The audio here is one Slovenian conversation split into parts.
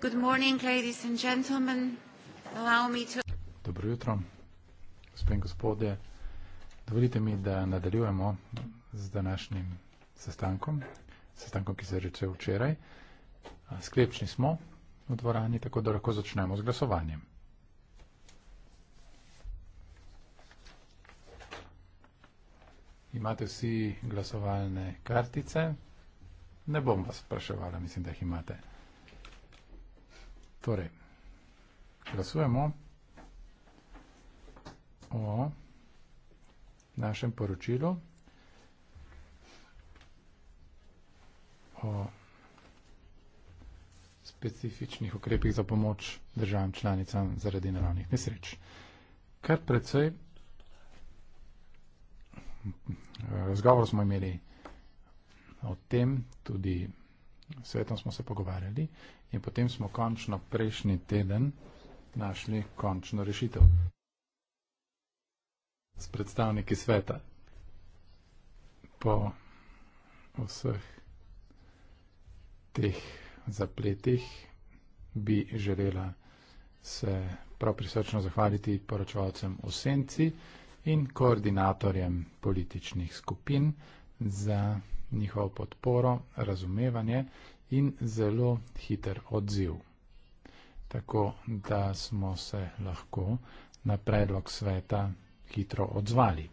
Good morning, ladies and gentlemen. Allow me to... Dobro jutro, gospe in gospodje. Dovolite mi, da nadaljujemo z današnjim sestankom, sestankom, ki se je začel včeraj. Sklepčni smo v dvorani, tako da lahko začnemo z glasovanjem. Imate vsi glasovalne kartice? Ne bom vas spraševala, mislim, da jih imate. Torej, glasujemo o našem poročilu, o specifičnih ukrepih za pomoč državam članicam zaradi naravnih nesreč. Kar predvsej, razgovor smo imeli o tem, tudi svetom smo se pogovarjali, In potem smo končno prejšnji teden našli končno rešitev s predstavniki sveta. Po vseh teh zapletih bi želela se prav prisrčno zahvaliti poročevalcem v senci in koordinatorjem političnih skupin za njihovo podporo, razumevanje in zelo hiter odziv. Tako da smo se lahko na predlog sveta hitro odzvali.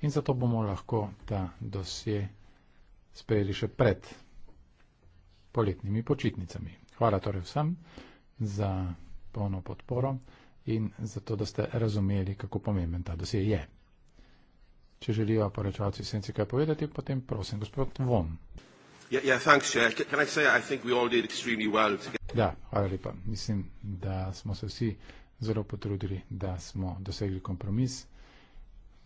In zato bomo lahko ta dosje sprejeli še pred poletnimi počitnicami. Hvala torej vsem za polno podporo in za to, da ste razumeli, kako pomemben ta dosje je. Če želijo poročevalci senci kaj povedati, potem prosim, gospod Von. Yeah, yeah, thanks, Chair. Can I say I think we all did extremely well together. Ja, hvala lepa. Mislim, da smo se vsi zelo potrudili, da smo dosegli kompromis.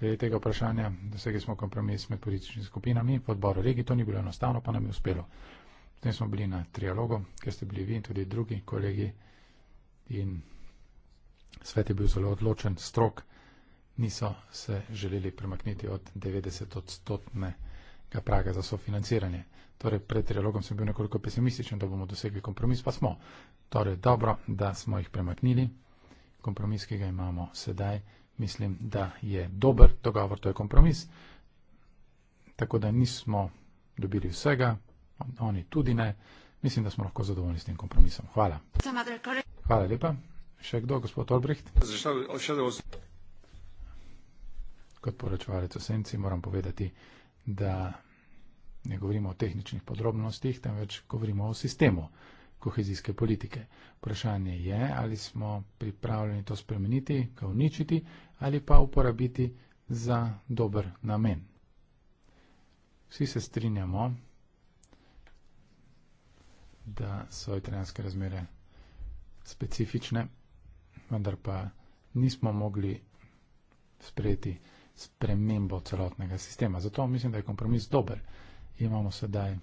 Glede tega vprašanja, dosegli smo kompromis med političnimi skupinami, podboru regi, to ni bilo enostavno, pa nam je uspelo. Potem smo bili na trialogu, kjer ste bili vi in tudi drugi kolegi in svet je bil zelo odločen, strok, niso se želeli premakniti od 90-odstotnega praga za sofinanciranje. Torej, pred trialogom sem bil nekoliko pesimističen, da bomo dosegli kompromis, pa smo. Torej, dobro, da smo jih premaknili. Kompromis, ki ga imamo sedaj, mislim, da je dober dogovor, to je kompromis. Tako da nismo dobili vsega, oni tudi ne. Mislim, da smo lahko zadovoljni s tem kompromisom. Hvala. Hvala lepa. Še kdo, gospod Olbricht? Kot poročevalec o senci moram povedati, da ne govorimo o tehničnih podrobnostih, temveč govorimo o sistemu kohezijske politike. Vprašanje je, ali smo pripravljeni to spremeniti, ga uničiti ali pa uporabiti za dober namen. Vsi se strinjamo, da so italijanske razmere specifične, vendar pa nismo mogli sprejeti spremembo celotnega sistema. Zato mislim, da je kompromis dober imamo sedaj.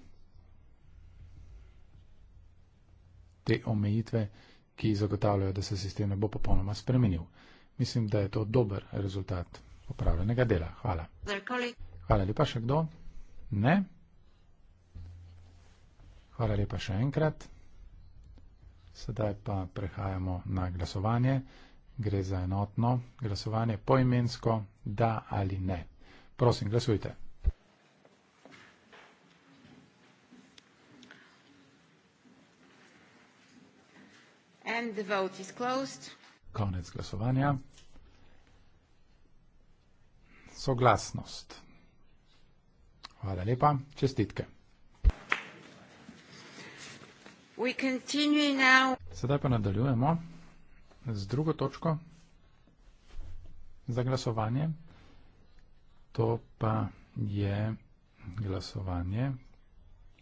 Te omejitve, ki zagotavljajo, da se sistem ne bo popolnoma spremenil. Mislim, da je to dober rezultat opravljenega dela. Hvala. Hvala lepa še kdo? Ne. Hvala lepa še enkrat. Sedaj pa prehajamo na glasovanje. Gre za enotno glasovanje poimensko, da ali ne. Prosim, glasujte. and the vote is closed. Konec glasovanja. Soglasnost. Hvala lepa, čestitke. We continue now. Sedaj pa nadaljujemo z drugo točko za glasovanje. To pa je glasovanje,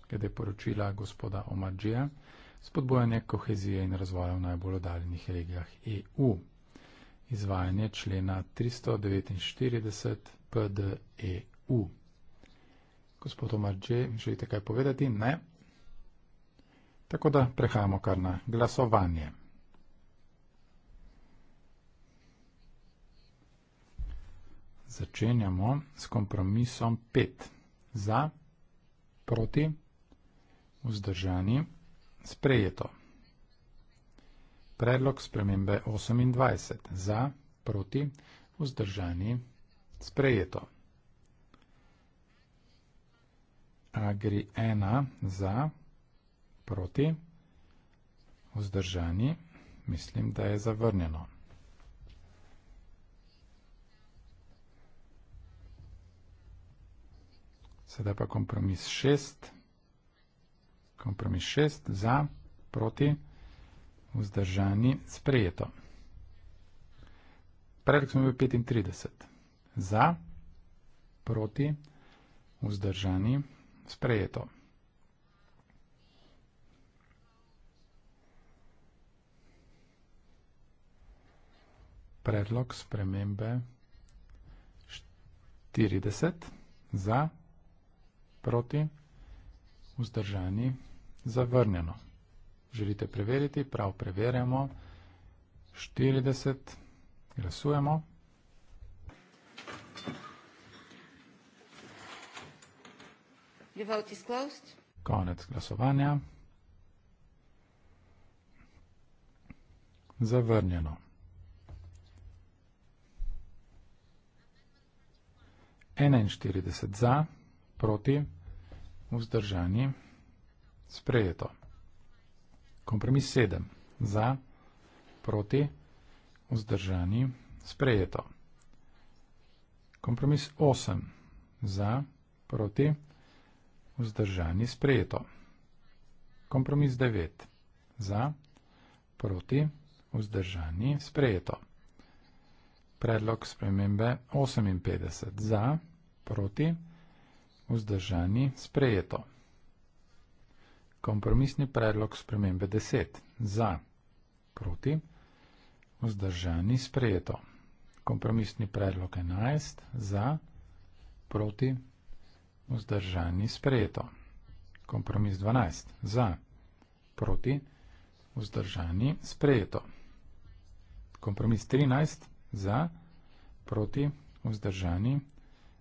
glede poročila gospoda Omađija spodbojanje kohezije in razvoja v najbolj oddaljenih regijah EU. Izvajanje člena 349 PDEU. Gospod Omar Dže, želite kaj povedati? Ne. Tako da prehajamo kar na glasovanje. Začenjamo s kompromisom 5. Za, proti, vzdržani sprejeto. Predlog spremembe 28 za, proti, vzdržani, sprejeto. Agri 1 za, proti, vzdržani, mislim, da je zavrnjeno. Sedaj pa kompromis 6. Kompromis 6 za, proti, vzdržani, sprejeto. Predlog smo bili 35. Za, proti, vzdržani, sprejeto. Predlog spremembe 40. Za, proti, vzdržani, sprejeto. Zavrnjeno. Želite preveriti? Prav preverjamo. 40. Glasujemo. Konec glasovanja. Zavrnjeno. Enajstirideset za, proti, vzdržani. Sprejeto. Kompromis 7. Za, proti, vzdržani. Sprejeto. Kompromis 8. Za, proti, vzdržani. Sprejeto. Kompromis 9. Za, proti, vzdržani. Sprejeto. Predlog spremembe 58. Za, proti, vzdržani. Sprejeto. Sprejeto. Kompromisni predlog spremembe 10. Za. Proti. Vzdržani sprejeto. Kompromisni predlog 11. Za. Proti. Vzdržani sprejeto. Kompromis 12. Za. Proti. Vzdržani sprejeto. Kompromis 13. Za. Proti. Vzdržani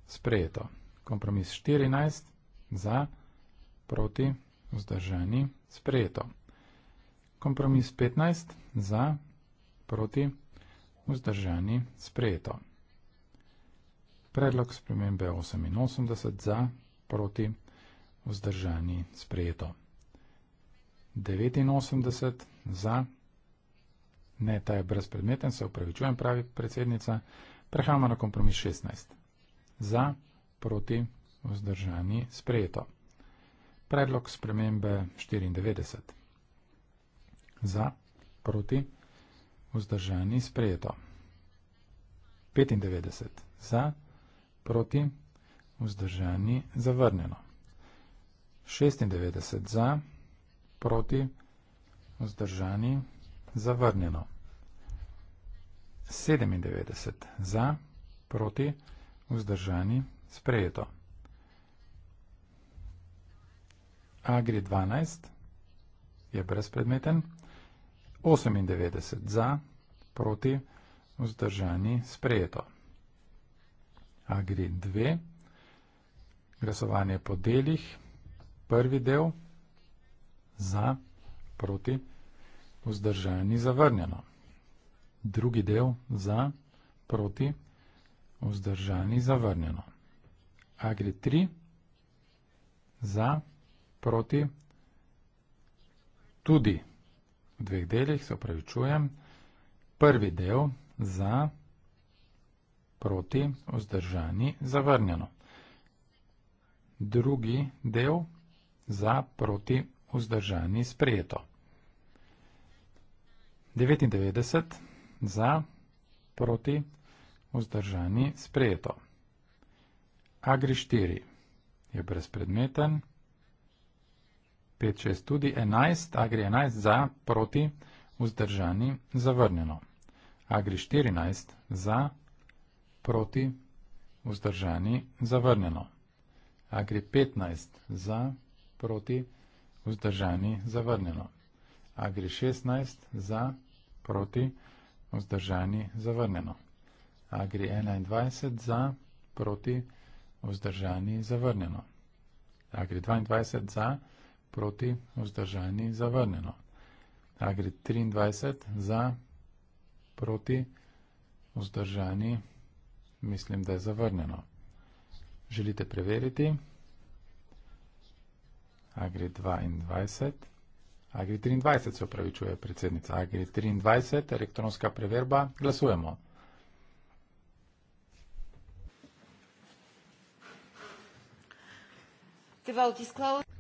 sprejeto. Kompromis 14. Za. Proti. Vzdržani sprejeto vzdržani, sprejeto. Kompromis 15, za, proti, vzdržani, sprejeto. Predlog spremembe 88, za, proti, vzdržani, sprejeto. 89, za, ne, ta je brezpredmeten, se upravičujem, pravi predsednica. Prehajamo na kompromis 16, za, proti, vzdržani, sprejeto predlog spremembe 94. Za, proti, vzdržani, sprejeto. 95. Za, proti, vzdržani, zavrnjeno. 96. Za, proti, vzdržani, zavrnjeno. 97. Za, proti, vzdržani, sprejeto. A gre 12, je brezpredmeten. 98 za, proti, vzdržani, sprejeto. A gre 2, glasovanje po delih, prvi del, za, proti, vzdržani, zavrnjeno. Drugi del, za, proti, vzdržani, zavrnjeno. A gre 3, za, proti, vzdržani, zavrnjeno proti, tudi v dveh delih, se upravičujem. Prvi del za, proti, vzdržani, zavrnjeno. Drugi del za, proti, vzdržani, sprejeto. 99 za, proti, vzdržani, sprejeto. Agri 4 je brezpredmeten. 5, 6, tudi 11, agri 11 za, proti, vzdržani, zavrnjeno. Agri 14 za, proti, vzdržani, zavrnjeno. Agri 15 za, proti, vzdržani, zavrnjeno. Agri 16 za, proti, vzdržani, zavrnjeno. Agri 21 za, proti, vzdržani, zavrnjeno. Agri 22 za, proti, vzdržani, zavrnjeno proti vzdržani zavrnjeno. Agri 23 za proti vzdržani mislim, da je zavrnjeno. Želite preveriti? Agri 22. Agri 23 se upravičuje predsednica. Agri 23, elektronska preverba. Glasujemo. Glasujemo.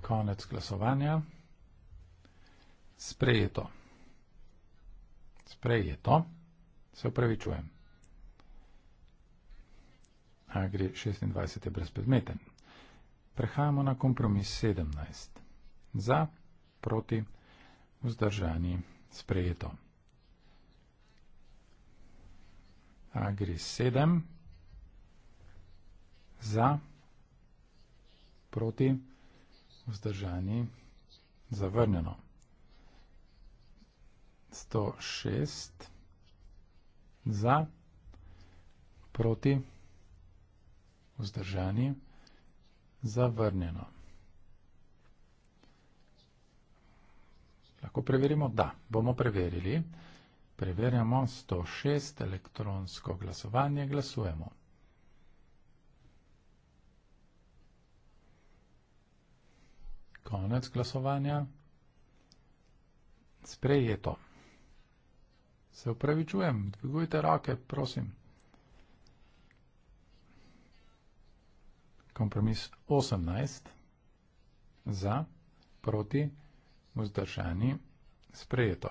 Konec glasovanja. Sprejeto. Sprejeto. Se upravičujem. Agri 26 je brezpredmeten. Prehajamo na kompromis 17. Za, proti, vzdržani, sprejeto. Agri 7. Za proti, vzdržani, zavrnjeno. 106 za, proti, vzdržani, zavrnjeno. Lahko preverimo, da. Bomo preverili. Preverjamo 106 elektronsko glasovanje. Glasujemo. 106. Konec glasovanja. Sprejeto. Se upravičujem, dvigujte roke, prosim. Kompromis 18 za, proti, vzdržani, sprejeto.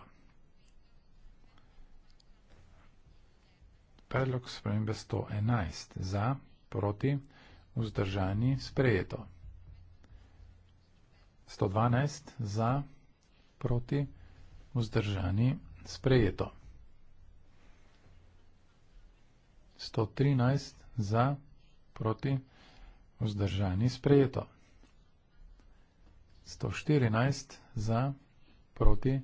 Predlog spremembe 111 za, proti, vzdržani, sprejeto. 112 za, proti, vzdržani, sprejeto. 113 za, proti, vzdržani, sprejeto. 114 za, proti,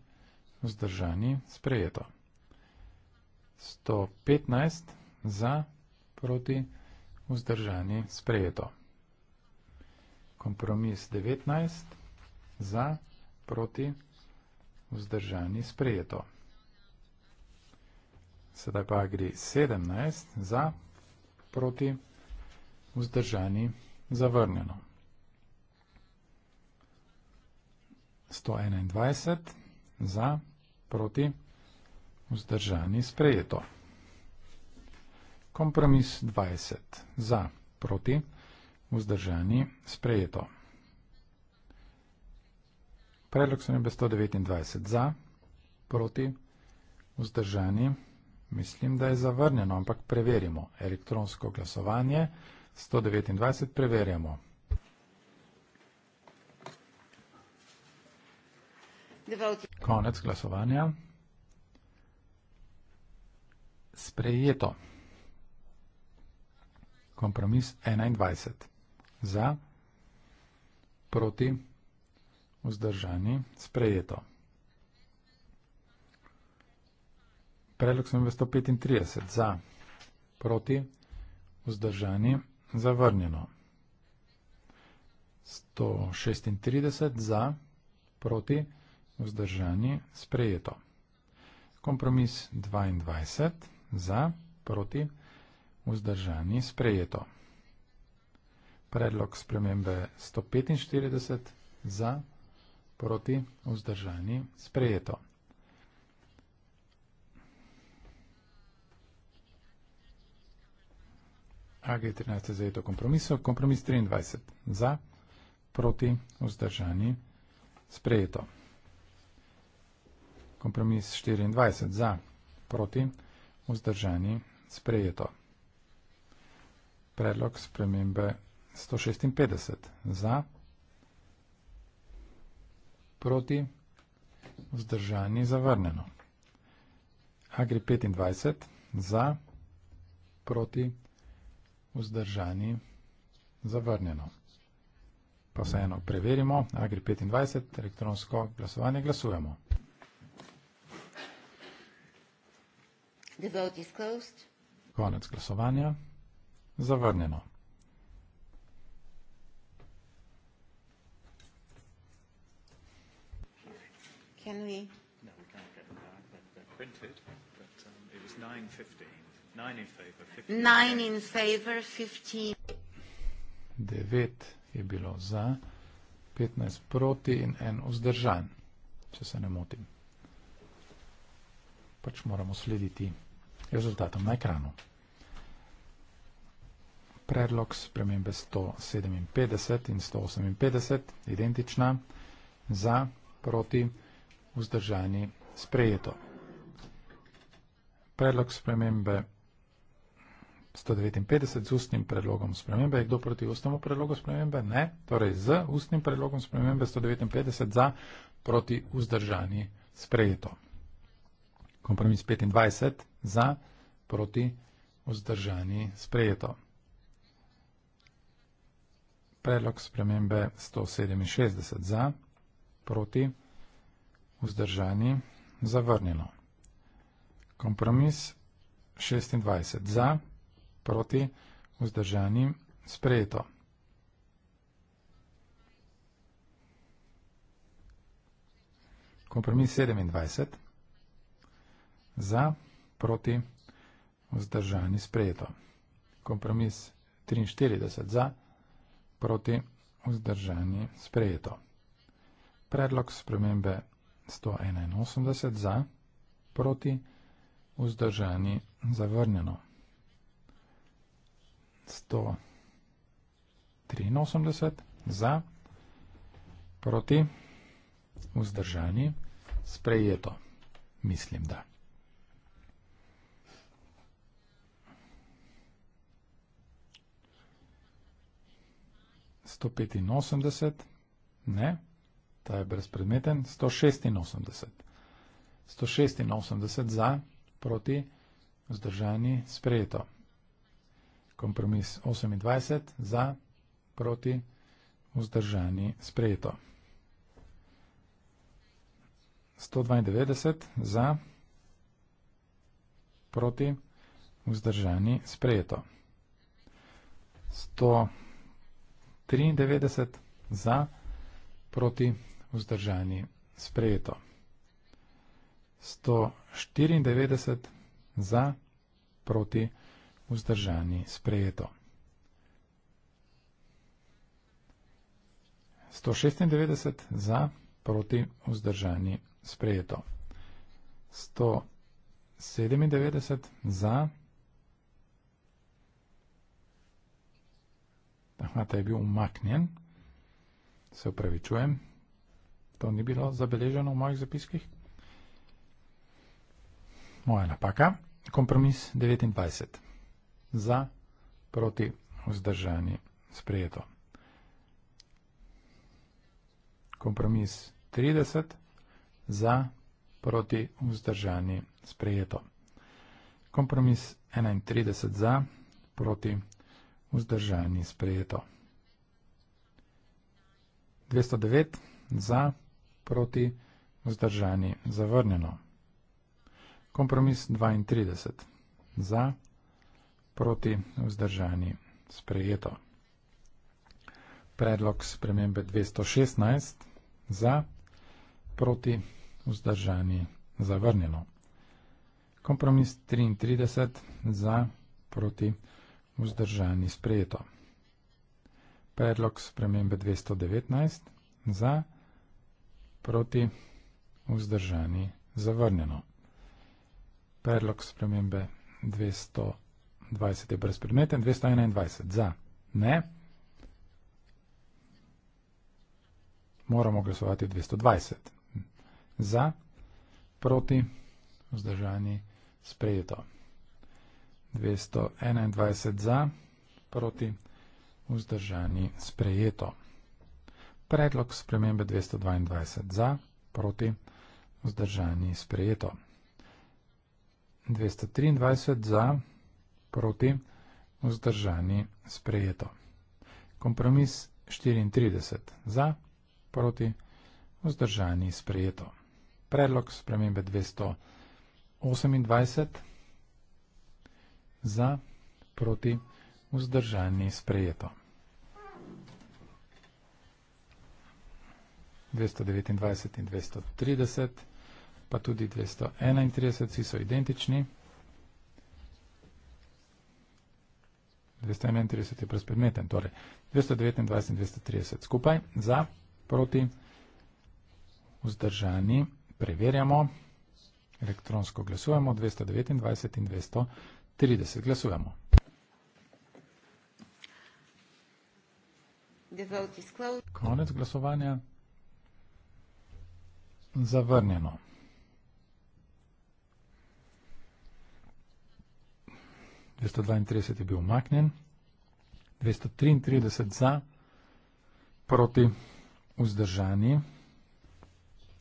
vzdržani, sprejeto. 115 za, proti, vzdržani, sprejeto. Kompromis 19 za, proti, vzdržani, sprejeto. Sedaj pa gre 17 za, proti, vzdržani, zavrnjeno. 121 za, proti, vzdržani, sprejeto. Kompromis 20 za, proti, vzdržani, sprejeto. Predlog so imeli 129 za, proti, vzdržani. Mislim, da je zavrnjeno, ampak preverimo. Elektronsko glasovanje 129 preverjamo. 9. Konec glasovanja. Sprejeto. Kompromis 21. Za, proti, vzdržani vzdržani, sprejeto. Predlog sem 135 za, proti, vzdržani, zavrnjeno. 136 za, proti, vzdržani, sprejeto. Kompromis 22 za, proti, vzdržani, sprejeto. Predlog spremembe 145 za, proti, vzdržani, sprejeto proti vzdržani sprejeto. AG 13 je zajeto kompromisov, kompromis 23 za, proti vzdržani sprejeto. Kompromis 24 za, proti vzdržani sprejeto. Predlog spremembe 156 za, proti vzdržani sprejeto proti, vzdržani zavrnjeno. Agri 25, za, proti, vzdržani zavrnjeno. Pa vseeno preverimo, Agri 25, elektronsko glasovanje glasujemo. The vote is closed. Konec glasovanja. Zavrnjeno. Can we? No, we can't get them back. They're, they're printed, but um, it was 9 15. 9 in favor, 15. 9 in favor, 15. 9 je bilo za, 15 proti in en vzdržan, če se ne motim. Pač moramo slediti rezultatom na ekranu. Predlog spremembe 157 in 158 identična za, proti vzdržani sprejeto. Predlog spremembe 159 z ustnim predlogom spremembe. Je kdo proti ustnemu predlogu spremembe? Ne. Torej z ustnim predlogom spremembe 159 za proti vzdržani sprejeto. Kompromis 25 za proti vzdržani sprejeto. Predlog spremembe 167 za proti vzdržani sprejeto vzdržani, zavrnjeno. Kompromis 26 za, proti, vzdržani, sprejeto. Kompromis 27 za, proti, vzdržani, sprejeto. Kompromis 43 za, proti, vzdržani, sprejeto. Predlog spremembe 181 za, proti, vzdržani, zavrnjeno. 183 za, proti, vzdržani, sprejeto, mislim da. Sto petinosemdeset, ne, ta je brezpredmeten, 186. 186 za, proti, vzdržani, sprejeto. Kompromis 28 za, proti, vzdržani, sprejeto. 192 za, proti, vzdržani, sprejeto. 193 za, proti, vzdržani, sprejeto. 193 za, proti, vzdržani, sprejeto vzdržani sprejeto. 194 za, proti vzdržani sprejeto. 196 za, proti vzdržani sprejeto. 197 za, Tahmata je bil umaknjen, se upravičujem, To ni bilo zabeleženo v mojih zapiskih. Moja napaka. Kompromis 29. Za, proti, vzdržani, sprejeto. Kompromis 30. Za, proti, vzdržani, sprejeto. Kompromis 31. Za, proti, vzdržani, sprejeto. 209. Za, proti, vzdržani, sprejeto proti vzdržani zavrnjeno. Kompromis 32. Za proti vzdržani sprejeto. Predlog spremembe 216. Za proti vzdržani zavrnjeno. Kompromis 33. Za proti vzdržani sprejeto. Predlog spremembe 219. Za proti vzdržani sprejeto proti vzdržani zavrnjeno. Predlog spremembe 220 je brezpredmeten, 221 za ne. Moramo glasovati 220 za proti vzdržani sprejeto. 221 za proti vzdržani sprejeto. Predlog spremembe 222 za, proti, vzdržani sprejeto. 223 za, proti, vzdržani sprejeto. Kompromis 34 za, proti, vzdržani sprejeto. Predlog spremembe 228 za, proti, vzdržani sprejeto. 229 in 230, pa tudi 231, vsi so identični. 231 je prespredmeten, torej 229 in 230 skupaj, za, proti, vzdržani, preverjamo, elektronsko glasujemo, 229 in 230 glasujemo. Konec glasovanja zavrnjeno. Dvesto dvaintrideset je bil umaknjen, dvesto triintrideset za, proti vzdržani,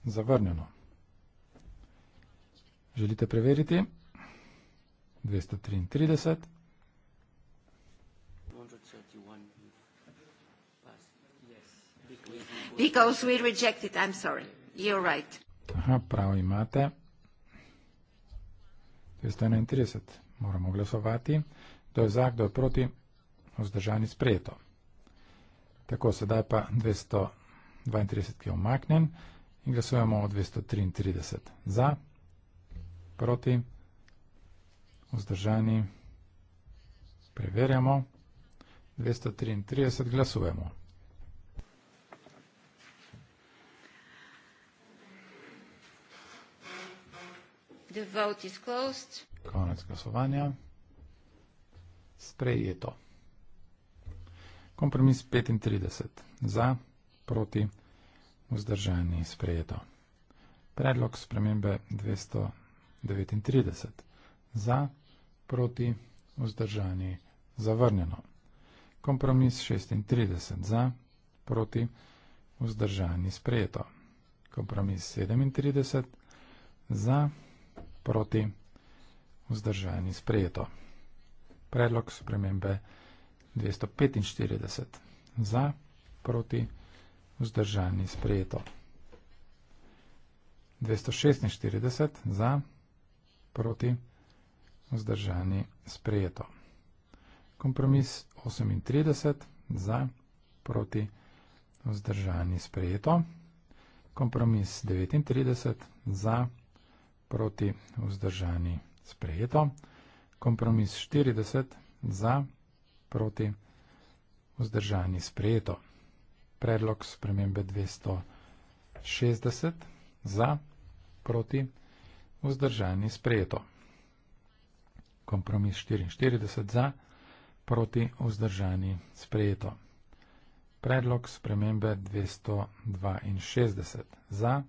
zavrnjeno. Želite preveriti? Dvesto triintrideset. Because we rejected, I'm sorry. You're right. Aha, prav imate. 231. Moramo glasovati. Kdo je za, kdo je proti, vzdržani sprejeto. Tako, sedaj pa 232, ki je omaknen in glasujemo o 233. Za, proti, vzdržani, preverjamo. 233 glasujemo. The vote is closed. Konec glasovanja. Sprejeto. Kompromis 35. Za, proti, vzdržani, sprejeto. Predlog spremembe 239. Za, proti, vzdržani, zavrnjeno. Kompromis 36. Za, proti, vzdržani, sprejeto. Kompromis 37. Za, proti, vzdržani, sprejeto proti, vzdržani sprejeto. Predlog spremembe 245 za, proti, vzdržani sprejeto. 246 za, proti, vzdržani sprejeto. Kompromis 38 za, proti, vzdržani sprejeto. Kompromis 39 za, proti, vzdržani sprejeto proti vzdržani sprejeto, kompromis 40 za proti vzdržani sprejeto, predlog spremembe 260 za proti vzdržani sprejeto, kompromis 44 za proti vzdržani sprejeto. Predlog spremembe 262 za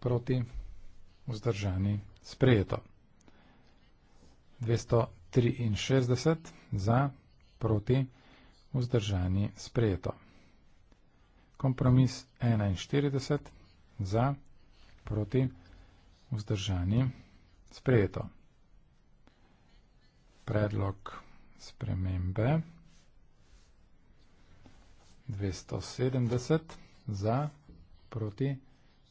proti vzdržani, sprejeto. 263 za, proti, vzdržani, sprejeto. Kompromis 41 za, proti, vzdržani, sprejeto. Predlog spremembe 270 za, proti,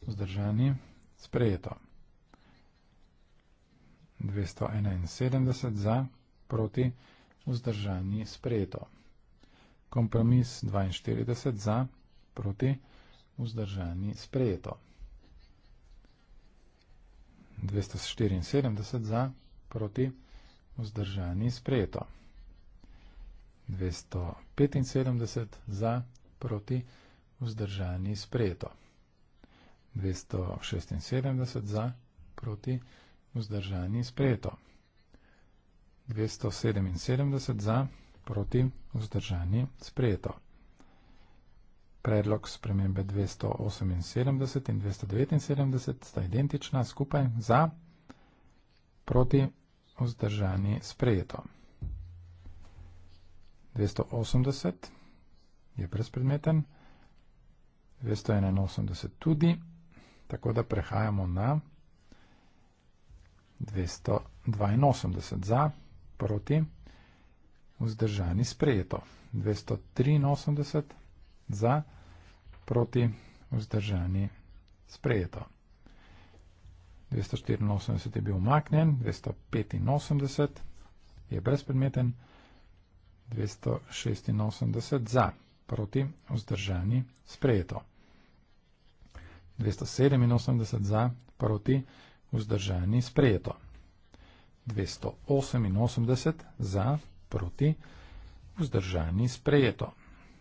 vzdržani, sprejeto. 271 za, proti, vzdržani, sprejeto. Kompromis 42 za, proti, vzdržani, sprejeto. 274 za, proti, vzdržani, sprejeto. 275 za, proti, vzdržani, sprejeto. 276 za, proti, vzdržani, sprejeto vzdržani sprejeto. 277 za, proti vzdržani sprejeto. Predlog spremembe 278 in 279 sta identična skupaj za, proti vzdržani sprejeto. 280 je brezpredmeten, 281 tudi, tako da prehajamo na 282 za, proti, vzdržani sprejeto. 283 za, proti, vzdržani sprejeto. 284 je bil umaknjen, 285 je brezpredmeten, 286 za, proti, vzdržani sprejeto. 287 za, proti, vzdržani sprejeto vzdržani sprejeto. 288 za, proti, vzdržani sprejeto.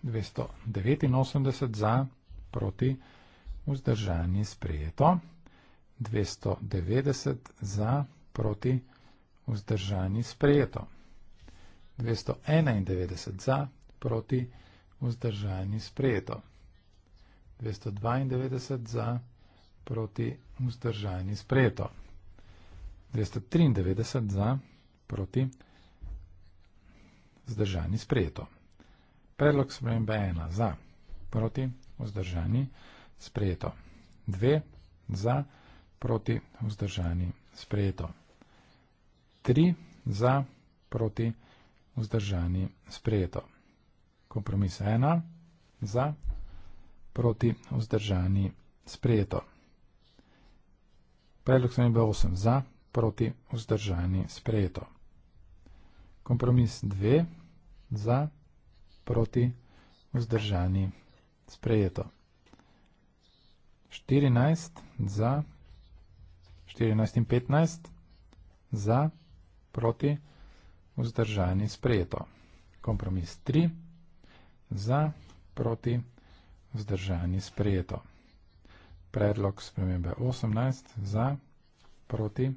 289 za, proti, vzdržani sprejeto. 290 za, proti, vzdržani sprejeto. 291 za, proti, vzdržani sprejeto. 292 za, proti, vzdržani sprejeto proti vzdržajni sprejeto. 293 za proti vzdržajni sprejeto. Predlog spremembe 1 za proti vzdržajni sprejeto. 2 za proti vzdržajni sprejeto. 3 za proti vzdržajni sprejeto. Kompromis 1 za proti vzdržajni sprejeto. Predlog sem imel 8 za, proti vzdržani sprejeto. Kompromis 2 za, proti vzdržani sprejeto. 14 za, 14 in 15 za, proti vzdržani sprejeto. Kompromis 3 za, proti vzdržani sprejeto predlog spremembe 18 za, proti,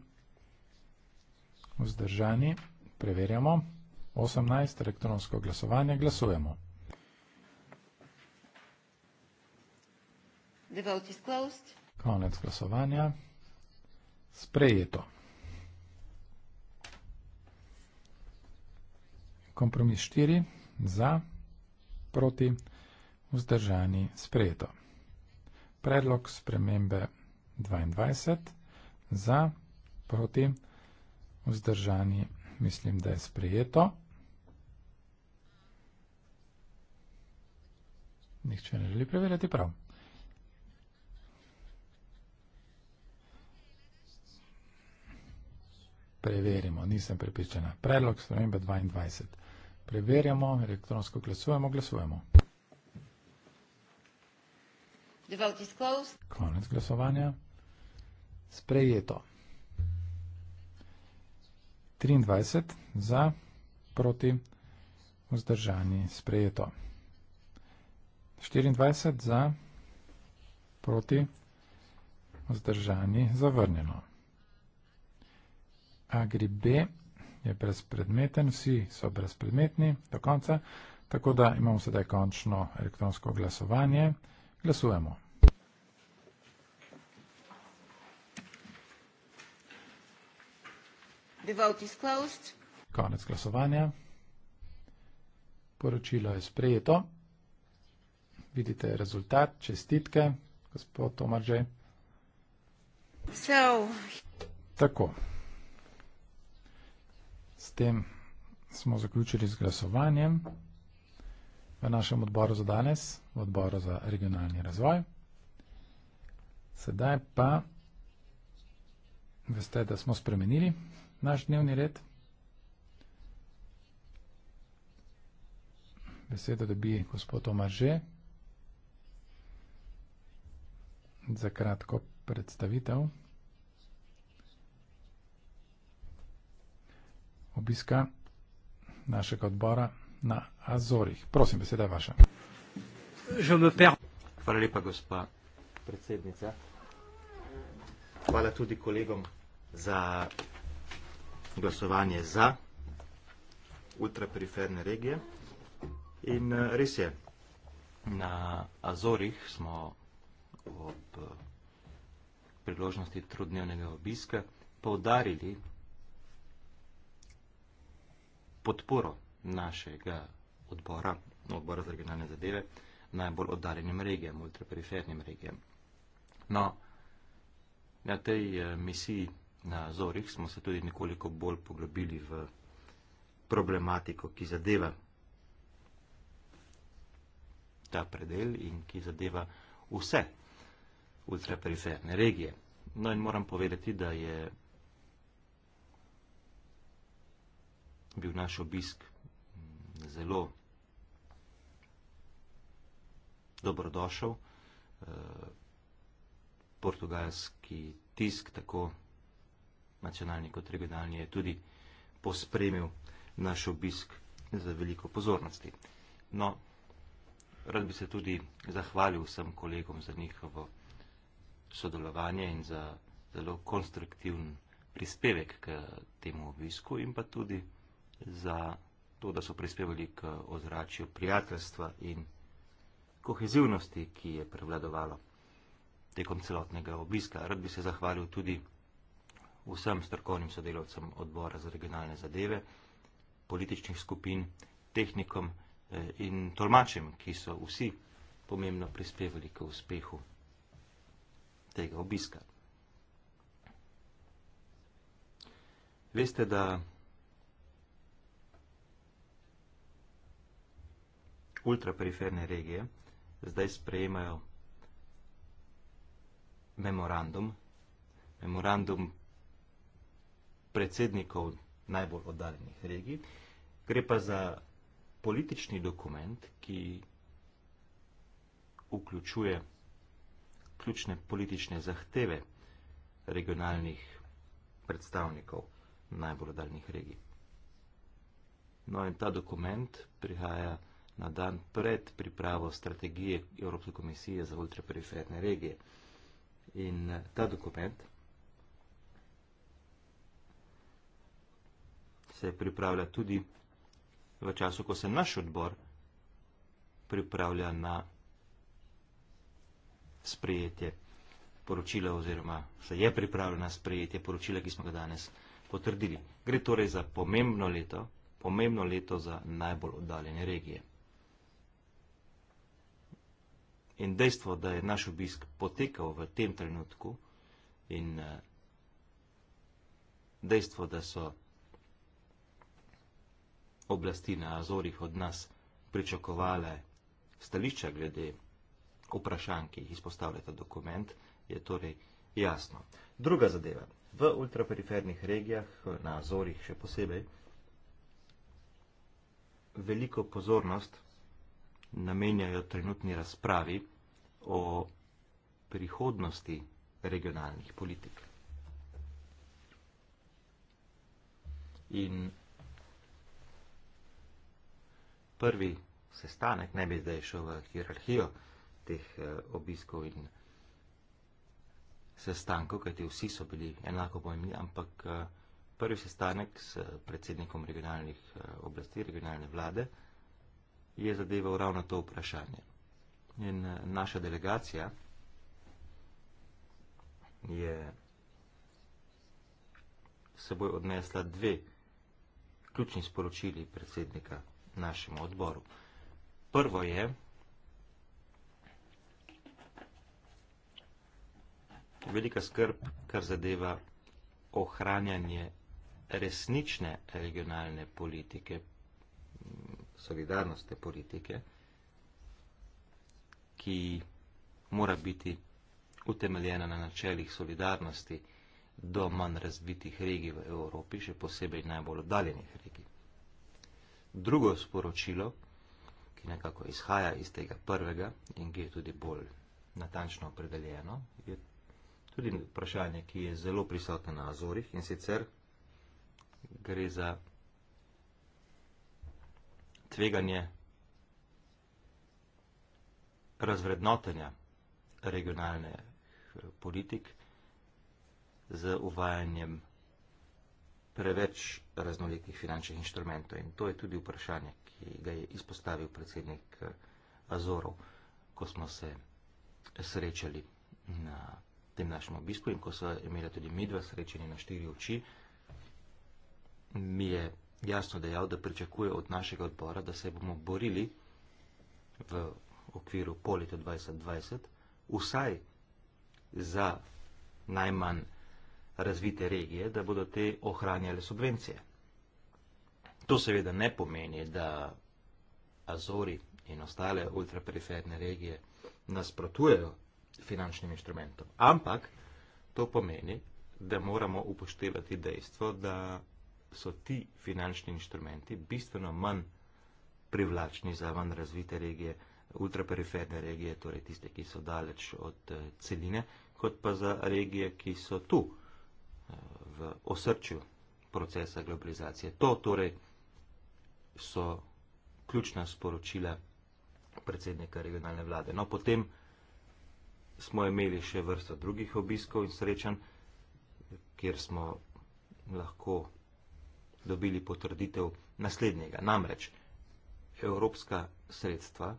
vzdržani, preverjamo, 18 elektronsko glasovanje, glasujemo. The vote is closed. Konec glasovanja. Sprejeto. Kompromis 4 za, proti, vzdržani, sprejeto predlog spremembe 22 za proti vzdržani, mislim, da je sprejeto. Nihče ne želi preverjati prav. Preverimo, nisem pripričana. Predlog spremembe 22. Preverjamo, elektronsko glasujemo, glasujemo. The vote is closed. Konec glasovanja. Sprejeto. 23 za, proti, vzdržani. Sprejeto. 24 za, proti, vzdržani. Zavrnjeno. Agri B je brezpredmeten, vsi so brezpredmetni do konca, tako da imamo sedaj končno elektronsko glasovanje. Glasujemo. Konec glasovanja. Poročilo je sprejeto. Vidite rezultat, čestitke, gospod Tomar že. So... Tako. S tem smo zaključili z glasovanjem v našem odboru za danes, v odboru za regionalni razvoj. Sedaj pa veste, da smo spremenili naš dnevni red. Besedo dobi gospod Omar Že za kratko predstavitev obiska našega odbora na Azorih. Prosim, beseda je vaša. Hvala lepa, gospa predsednica. Hvala tudi kolegom za glasovanje za ultraperiferne regije. In eh, res je, na Azorih smo ob eh, priložnosti trudnevnega obiska poudarili podporo našega odbora, odbora za regionalne zadeve, najbolj oddaljenim regijam, ultraperifernim regijam. No, na tej eh, misiji na Zorih smo se tudi nekoliko bolj poglobili v problematiko, ki zadeva ta predel in ki zadeva vse ultraperiferne regije. No in moram povedati, da je bil naš obisk zelo dobrodošel. Eh, portugalski tisk, tako nacionalni kot regionalni, je tudi pospremil naš obisk za veliko pozornosti. No, rad bi se tudi zahvalil vsem kolegom za njihovo sodelovanje in za zelo konstruktivn prispevek k temu obisku in pa tudi za to, da so prispevali k ozračju prijateljstva in kohezivnosti, ki je prevladovalo tekom celotnega obiska. Rad bi se zahvalil tudi vsem strokovnim sodelovcem odbora za regionalne zadeve, političnih skupin, tehnikom eh, in tolmačem, ki so vsi pomembno prispevali k uspehu tega obiska. Veste, da ultraperiferne regije zdaj sprejemajo memorandum, memorandum predsednikov najbolj oddaljenih regij. Gre pa za politični dokument, ki vključuje ključne politične zahteve regionalnih predstavnikov najbolj oddaljenih regij. No in ta dokument prihaja na dan pred pripravo strategije Evropske komisije za ultraperiferne regije. In eh, ta dokument se pripravlja tudi v času, ko se naš odbor pripravlja na sprejetje poročila oziroma se je pripravljena sprejetje poročila, ki smo ga danes potrdili. Gre torej za pomembno leto, pomembno leto za najbolj oddaljene regije. In dejstvo, da je naš obisk potekal v tem trenutku in eh, dejstvo, da so oblasti na Azorih od nas pričakovale stališča glede vprašanj, ki jih izpostavlja ta dokument, je torej jasno. Druga zadeva. V ultrapernih regijah, na Azorih še posebej, veliko pozornost namenjajo trenutni razpravi o prihodnosti regionalnih politik. In prvi sestanek, ne bi zdaj šel v hierarhijo teh eh, obiskov in sestankov, kajti vsi so bili enako pomembni, ampak eh, prvi sestanek s predsednikom regionalnih eh, oblasti, regionalne vlade, je zadeval ravno to vprašanje. In eh, naša delegacija je seboj odnesla dve ključni sporočili predsednika našemu odboru. Prvo je, velika skrb, kar zadeva ohranjanje resnične regionalne politike, solidarnostne politike, ki mora biti utemeljena na načelih solidarnosti do manj razvitih regij v Evropi, še posebej najbolj oddaljenih regij. Drugo sporočilo, ki nekako izhaja iz tega prvega in ki je tudi bolj natančno opredeljeno, je tudi vprašanje, ki je zelo prisotno na Azorih in sicer gre za tveganje razvrednotenja regionalnih eh, politik z uvajanjem preveč raznolikih finančnih inštrumentov. In to je tudi vprašanje, ki ga je izpostavil predsednik eh, Azorov, ko smo se srečali na tem našem obisku in ko so imeli tudi midva srečeni na štiri oči, mi je jasno dejal, da pričakuje od našega odbora, da se bomo borili v okviru polite 2020 vsaj za najmanj razvite regije, da bodo te ohranjale subvencije. To seveda ne pomeni, da Azori in ostale ultraperiferne regije nasprotujejo finančnim inštrumentom, ampak to pomeni, da moramo upoštevati dejstvo, da so ti finančni inštrumenti bistveno manj privlačni za manj razvite regije, ultraperiferne regije, torej tiste, ki so daleč od eh, celine, kot pa za regije, ki so tu eh, v osrčju procesa globalizacije. To torej so ključna sporočila predsednika regionalne vlade. No, potem smo imeli še vrsto drugih obiskov in srečanj, kjer smo lahko dobili potrditev naslednjega. Namreč, evropska sredstva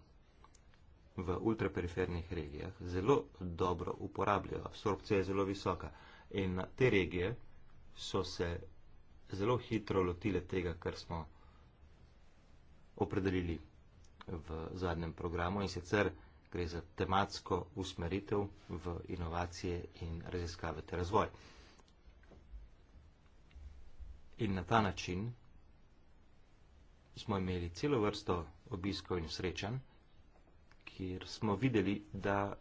v ultraperifernih regijah zelo dobro uporabljajo, absorpcija je zelo visoka in te regije so se zelo hitro lotile tega, kar smo opredelili v zadnjem programu in sicer gre za tematsko usmeritev v inovacije in raziskave ter razvoj. In na ta način smo imeli celo vrsto obiskov in srečanj, kjer smo videli, da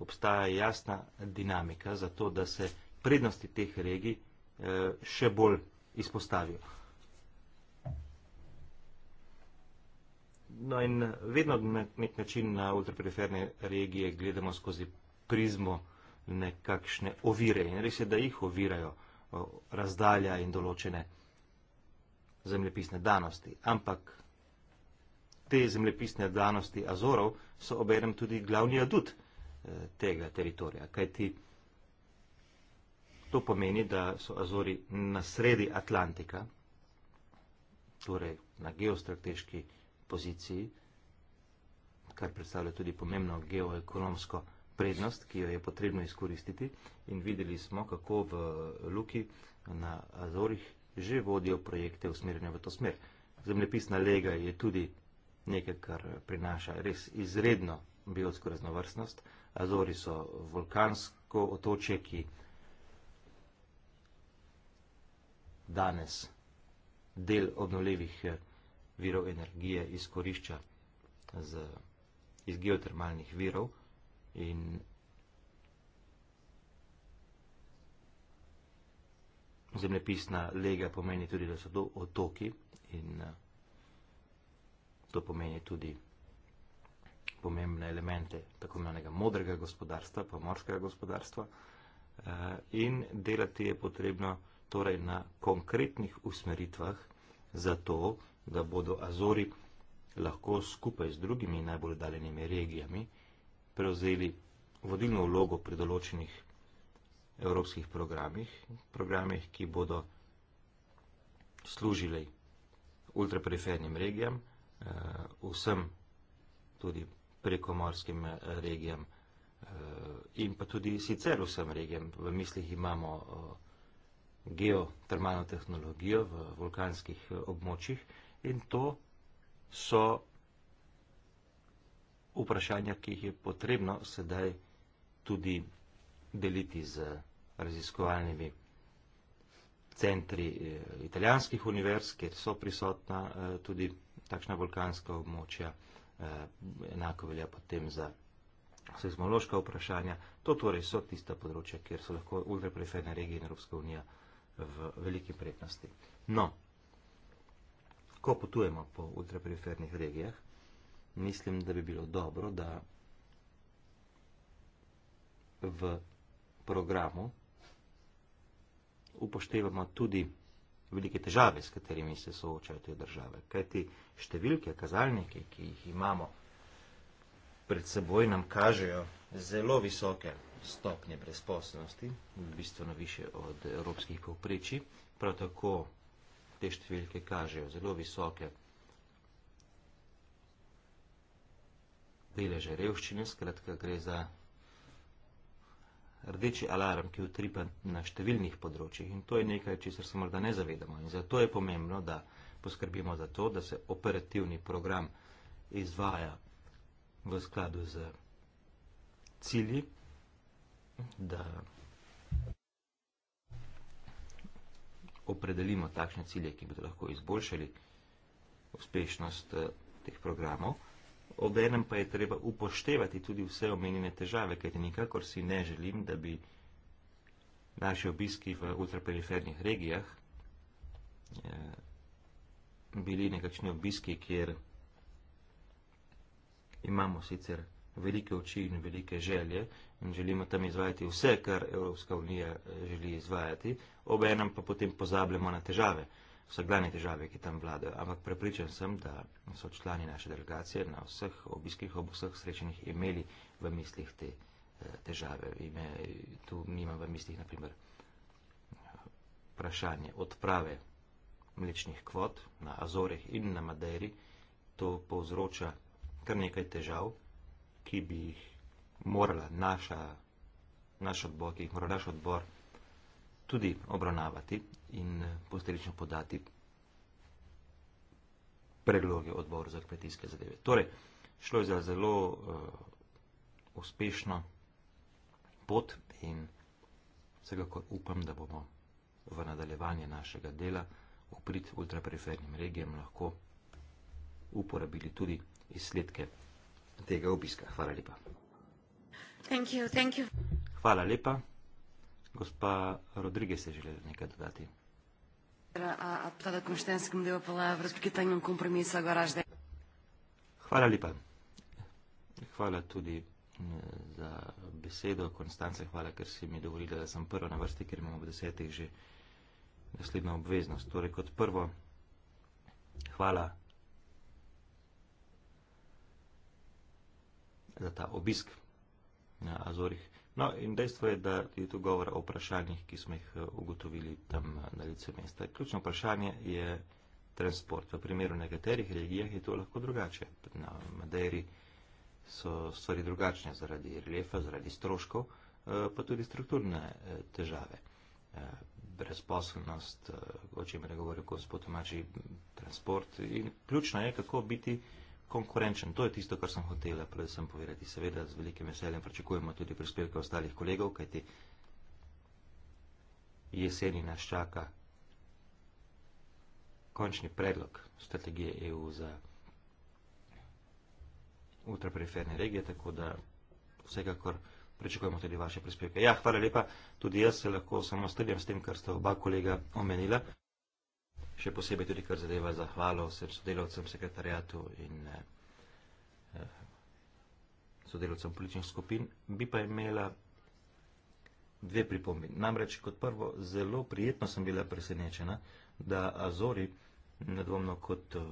obstaja jasna dinamika za to, da se prednosti teh regij eh, še bolj izpostavijo. No in eh, vedno na nek način na ultraperiferne regije gledamo skozi prizmo nekakšne ovire in res je, da jih ovirajo regije razdalja in določene zemljepisne danosti. Ampak te zemljepisne danosti Azorov so obenem tudi glavni adut e, tega teritorija, kajti to pomeni, da so Azori na sredi Atlantika, torej na geostrateški poziciji, kar predstavlja tudi pomembno geoekonomsko področje, prednost, ki jo je potrebno izkoristiti in videli smo, kako v Luki na Azorih že vodijo projekte usmerjene v to smer. Zemljepisna lega je tudi nekaj, kar prinaša res izredno biotsko raznovrstnost. Azori so vulkansko otoče, ki danes del obnovljivih eh, virov energije izkorišča z, iz geotermalnih virov in zemljepisna lega pomeni tudi, da so to otoki in eh, to pomeni tudi pomembne elemente tako imenega modrega gospodarstva, pomorskega gospodarstva eh, in delati je potrebno torej na konkretnih usmeritvah za to, da bodo Azori lahko skupaj z drugimi najbolj daljenimi regijami vsega, prevzeli vodilno vlogo pri določenih evropskih programih, programih, ki bodo služili ultraperifernim regijam, eh, vsem tudi prekomorskim eh, regijam eh, in pa tudi sicer vsem regijam. V mislih imamo geotermalno tehnologijo v vulkanskih območjih in to so vsem vprašanja, ki jih je potrebno sedaj tudi deliti z raziskovalnimi centri eh, italijanskih univerz, kjer so prisotna eh, tudi takšna vulkanska območja, eh, enako velja potem za seizmološka vprašanja. To torej so tista področja, kjer so lahko ultrapreferne regije in Evropska unija v veliki prednosti. No, ko potujemo po ultrapreferenih regijah, mislim, da bi bilo dobro, da v programu upoštevamo tudi velike težave, s katerimi se soočajo te države. Kajti številke, kazalnike, ki jih imamo pred seboj, nam kažejo zelo visoke stopnje brezposobnosti, bistveno više od evropskih povprečij. Prav tako te številke kažejo zelo visoke deleže revščine, skratka gre za rdeči alarm, ki utripa na številnih področjih in to je nekaj, česar se morda ne zavedamo. In zato je pomembno, da poskrbimo za to, da se operativni program izvaja v skladu z cilji, da opredelimo takšne cilje, ki bi lahko izboljšali uspešnost eh, teh programov obenem pa je treba upoštevati tudi vse omenjene težave, kajti nikakor si ne želim, da bi naši obiski v ultrapelifernih regijah eh, bili nekakšni obiski, kjer imamo sicer velike oči in velike želje in želimo tam izvajati vse, kar Evropska unija eh, želi izvajati, obenem pa potem pozabljamo na težave vsakdanje težave, ki tam vladajo, ampak prepričan sem, da so člani naše delegacije na vseh obiskih, ob vseh srečenih imeli v mislih te eh, težave. Ime, eh, tu nimam v mislih, na primer, vprašanje odprave mlečnih kvot na Azoreh in na Madeiri. To povzroča kar nekaj težav, ki bi jih morala naša, naš odbor, ki jih mora naš odbor tudi obravnavati in eh, posterično podati predloge odboru za kmetijske zadeve. Torej, šlo je za zelo uh, uspešno pot in vsekako upam, da bomo v nadaljevanje našega dela oprit ultrapreferijnim regijam lahko uporabili tudi izsledke tega obiska. Hvala lepa. Thank you, thank you. Hvala lepa. Gospa Rodrigues, želite nekaj dodati? Hvala lepa. Hvala tudi za besedo, Konstance, hvala, ker si mi dovolila, da sem prva na vrsti, ker imamo v desetih že naslednjo obveznost. Torej, kot prvo, hvala za ta obisk na Azorih. No, in dejstvo je, da je tu govor o vprašanjih, ki smo jih eh, ugotovili tam eh, na lice mesta. Ključno vprašanje je transport. V primeru nekaterih regijah je to lahko drugače. Na Madeiri so stvari drugačne zaradi reljefa, zaradi stroškov, eh, pa tudi strukturne težave. Brezposobnost, o čem je govoril gospod Tomači, transport. In ključno je, kako biti konkurenčen. To je tisto, kar sem hotela predvsem povedati. Seveda z velikim veseljem pričakujemo tudi prispevke ostalih kolegov, kajti jeseni nas čaka končni predlog strategije EU za ultraperiferne regije, tako da vsekakor pričakujemo tudi vaše prispevke. Ja, hvala lepa, tudi jaz se lahko samo strinjam s tem, kar ste oba kolega omenila še posebej tudi, kar zadeva zahvalo vsem sodelovcem, sekretarjatu in eh, eh sodelovcem političnih skupin, bi pa imela dve pripombi. Namreč kot prvo, zelo prijetno sem bila presenečena, da Azori, nedvomno kot eh,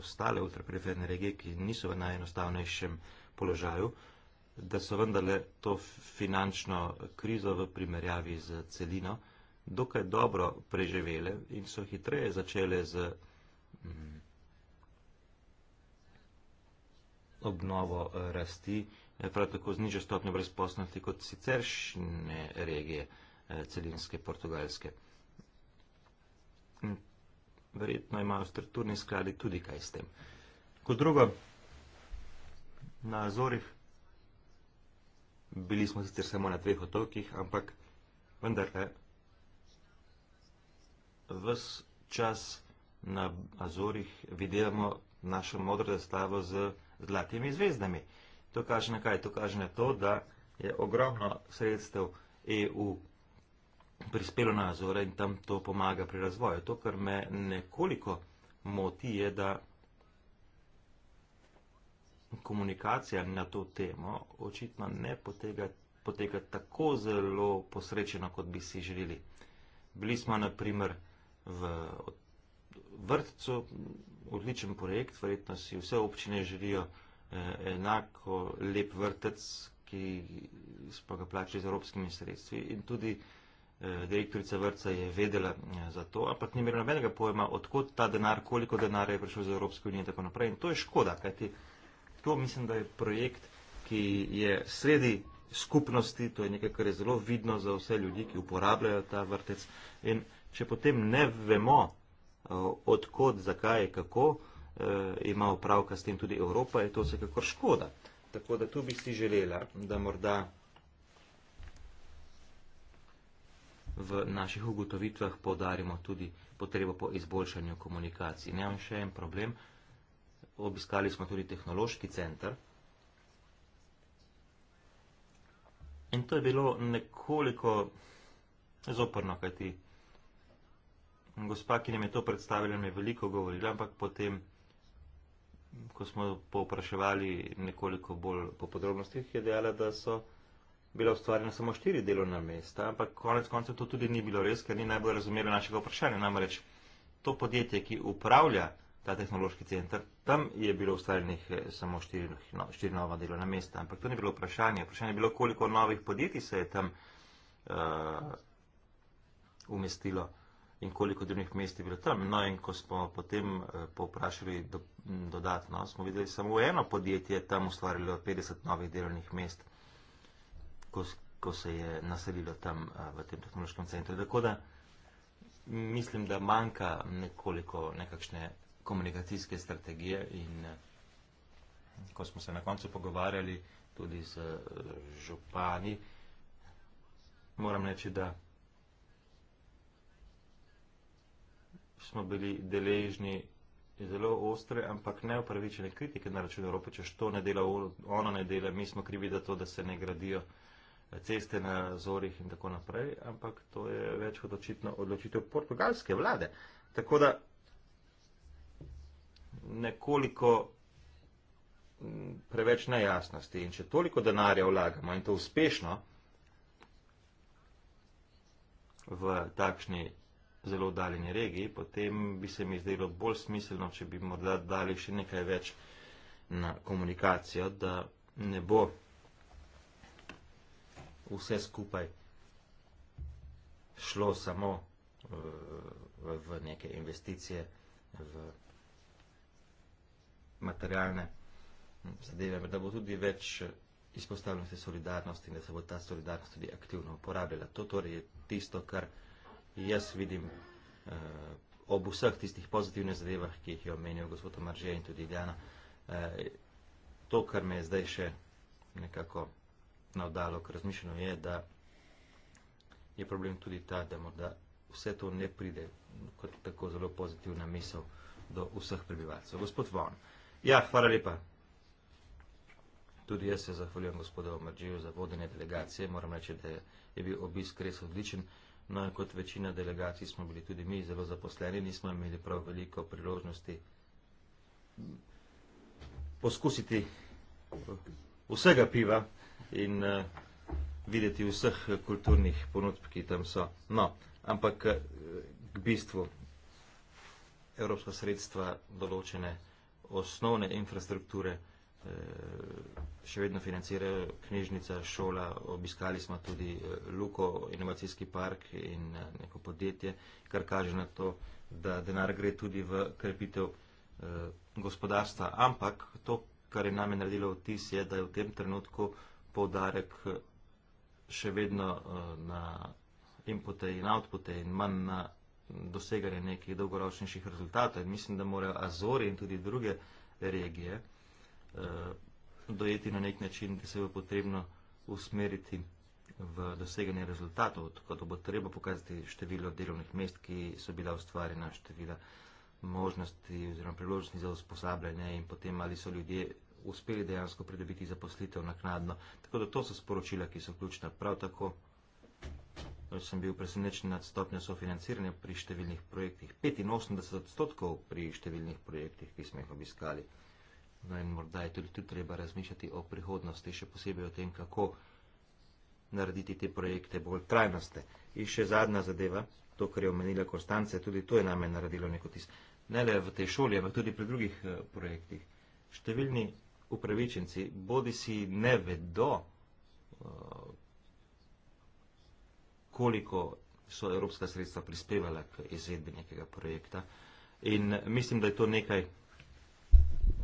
ostale ultrapreferne regije, ki niso v najenostavnejšem položaju, da so vendarle to finančno krizo v primerjavi z celino, eh, dokaj dobro preživele in so hitreje začele z mm, obnovo eh, rasti, eh, prav tako z nižjo stopnjo brezposlenosti kot siceršnje regije eh, celinske portugalske. Verjetno imajo strukturni skladi tudi kaj s tem. Kot drugo, na Azorih bili smo sicer samo na treh otokih, ampak vendar le. Eh, vse čas na Azorih vidimo našo modro zastavo z zlatimi zvezdami. To kaže na kaj? To kaže na to, da je ogromno sredstev EU prispelo na Azore in tam to pomaga pri razvoju. To, kar me nekoliko moti, je, da komunikacija na to temo očitno ne potega, poteka tako zelo posrečeno, kot bi si želeli. Bili smo, na primer, v vrtcu. Odličen projekt, verjetno si vse občine želijo eh, enako lep vrtec, ki pa ga plačajo z evropskimi sredstvi. In tudi eh, direktorica vrtca je vedela eh, za to, ampak ni imela nobenega pojma, odkot ta denar, koliko denarja je prišel iz Evropske unije in tako naprej. In to je škoda, kajti to mislim, da je projekt, ki je sredi skupnosti, to je nekaj, kar je zelo vidno za vse ljudi, ki uporabljajo ta vrtec. In, če potem ne vemo, eh, odkot, zakaj, kako eh, ima upravka s tem tudi Evropa, je to vsekakor škoda. Tako da tu bi si želela, da morda v naših ugotovitvah podarimo tudi potrebo po izboljšanju komunikacij. Nemam še en problem. Obiskali smo tudi tehnološki center. In to je bilo nekoliko zoprno, kaj ti je gospa, ki nam je to predstavila, nam je veliko govorila, ampak potem, ko smo povpraševali nekoliko bolj po podrobnostih, je dejala, da so bila ustvarjena samo štiri delovna mesta, ampak konec koncev to tudi ni bilo res, ker ni najbolj razumela našega vprašanja. Namreč to podjetje, ki upravlja ta tehnološki center, tam je bilo ustvarjenih eh, samo štiri, no, štiri nova delovna mesta, ampak to ni bilo vprašanje. Vprašanje je bilo, koliko novih podjetij se je tam uh, umestilo in koliko delovnih mest je bilo tam. No in ko smo potem eh, povprašali do, dodatno, smo videli, da samo eno podjetje je tam ustvarilo 50 novih delovnih mest, ko, ko se je naselilo tam eh, v tem tehnološkem centru. Tako da mislim, da manjka nekoliko nekakšne komunikacijske strategije in eh, ko smo se na koncu pogovarjali tudi z župani, moram reči, da smo bili deležni zelo ostre, ampak neopravičene kritike na račun Evrope, če to ne dela, ona ne dela, mi smo krivi za to, da se ne gradijo eh, ceste na zorih in tako naprej, ampak to je več kot očitno odločitev portugalske vlade. Tako da nekoliko mm, preveč nejasnosti in če toliko denarja vlagamo in to uspešno v takšni zelo daljni regiji, potem bi se mi zdelo bolj smiselno, če bi morda dali še nekaj več na komunikacijo, da ne bo vse skupaj šlo samo v, v neke investicije, v materialne zadeve, da bo tudi več izpostavljenosti solidarnosti in da se bo ta solidarnost tudi aktivno uporabljala. To torej je tisto, kar jaz vidim eh, ob vseh tistih pozitivnih zadevah, ki jih je omenil gospod Maržej in tudi Diana, eh, to, kar me je zdaj še nekako navdalo k razmišljanju, je, da je problem tudi ta, da morda vse to ne pride kot tako zelo pozitivna misel do vseh prebivalcev. Gospod Von. Ja, hvala lepa. Tudi jaz se zahvaljujem gospodu Omrđiju za vodenje delegacije. Moram reči, da je bil obisk res odličen. No, kot večina delegacij smo bili tudi mi zelo zaposleni, nismo imeli prav veliko priložnosti poskusiti vsega piva in uh, videti vseh kulturnih ponudb, ki tam so. No, ampak eh, k bistvu evropska sredstva določene osnovne infrastrukture Eh, še vedno financirajo knjižnica, šola, obiskali smo tudi eh, Luko, inovacijski park in eh, neko podjetje, kar kaže na to, da denar gre tudi v krepitev gospodarstva. Ampak to, kar je name naredilo vtis, je, da je v tem trenutku povdarek še vedno na inpute in outpute in manj na doseganje nekih dolgoročnejših rezultatov. In mislim, da morajo Azori in tudi druge regije, uh, dojeti na nek način, da se bo potrebno usmeriti v doseganje rezultatov, tako da bo treba pokazati število delovnih mest, ki so bila ustvarjena, števila možnosti oziroma priložnosti za usposabljanje in potem ali so ljudje uspeli dejansko pridobiti zaposlitev naknadno. Tako da to so sporočila, ki so ključna. Prav tako sem bil presenečen nad stopnjo sofinanciranja pri številnih projektih. 85 odstotkov pri številnih projektih, ki smo jih obiskali. Uh, No in morda je tudi, tudi treba razmišljati o prihodnosti, še posebej o tem, kako narediti te projekte bolj trajnoste. In še zadnja zadeva, to, kar je omenila Konstance, tudi to je name naredilo neko tis. Ne le v tej šoli, ampak tudi pri drugih uh, projektih. Številni upravičenci bodi si ne vedo, uh, koliko so evropska sredstva prispevala k izvedbi nekega projekta. In mislim, da je to nekaj,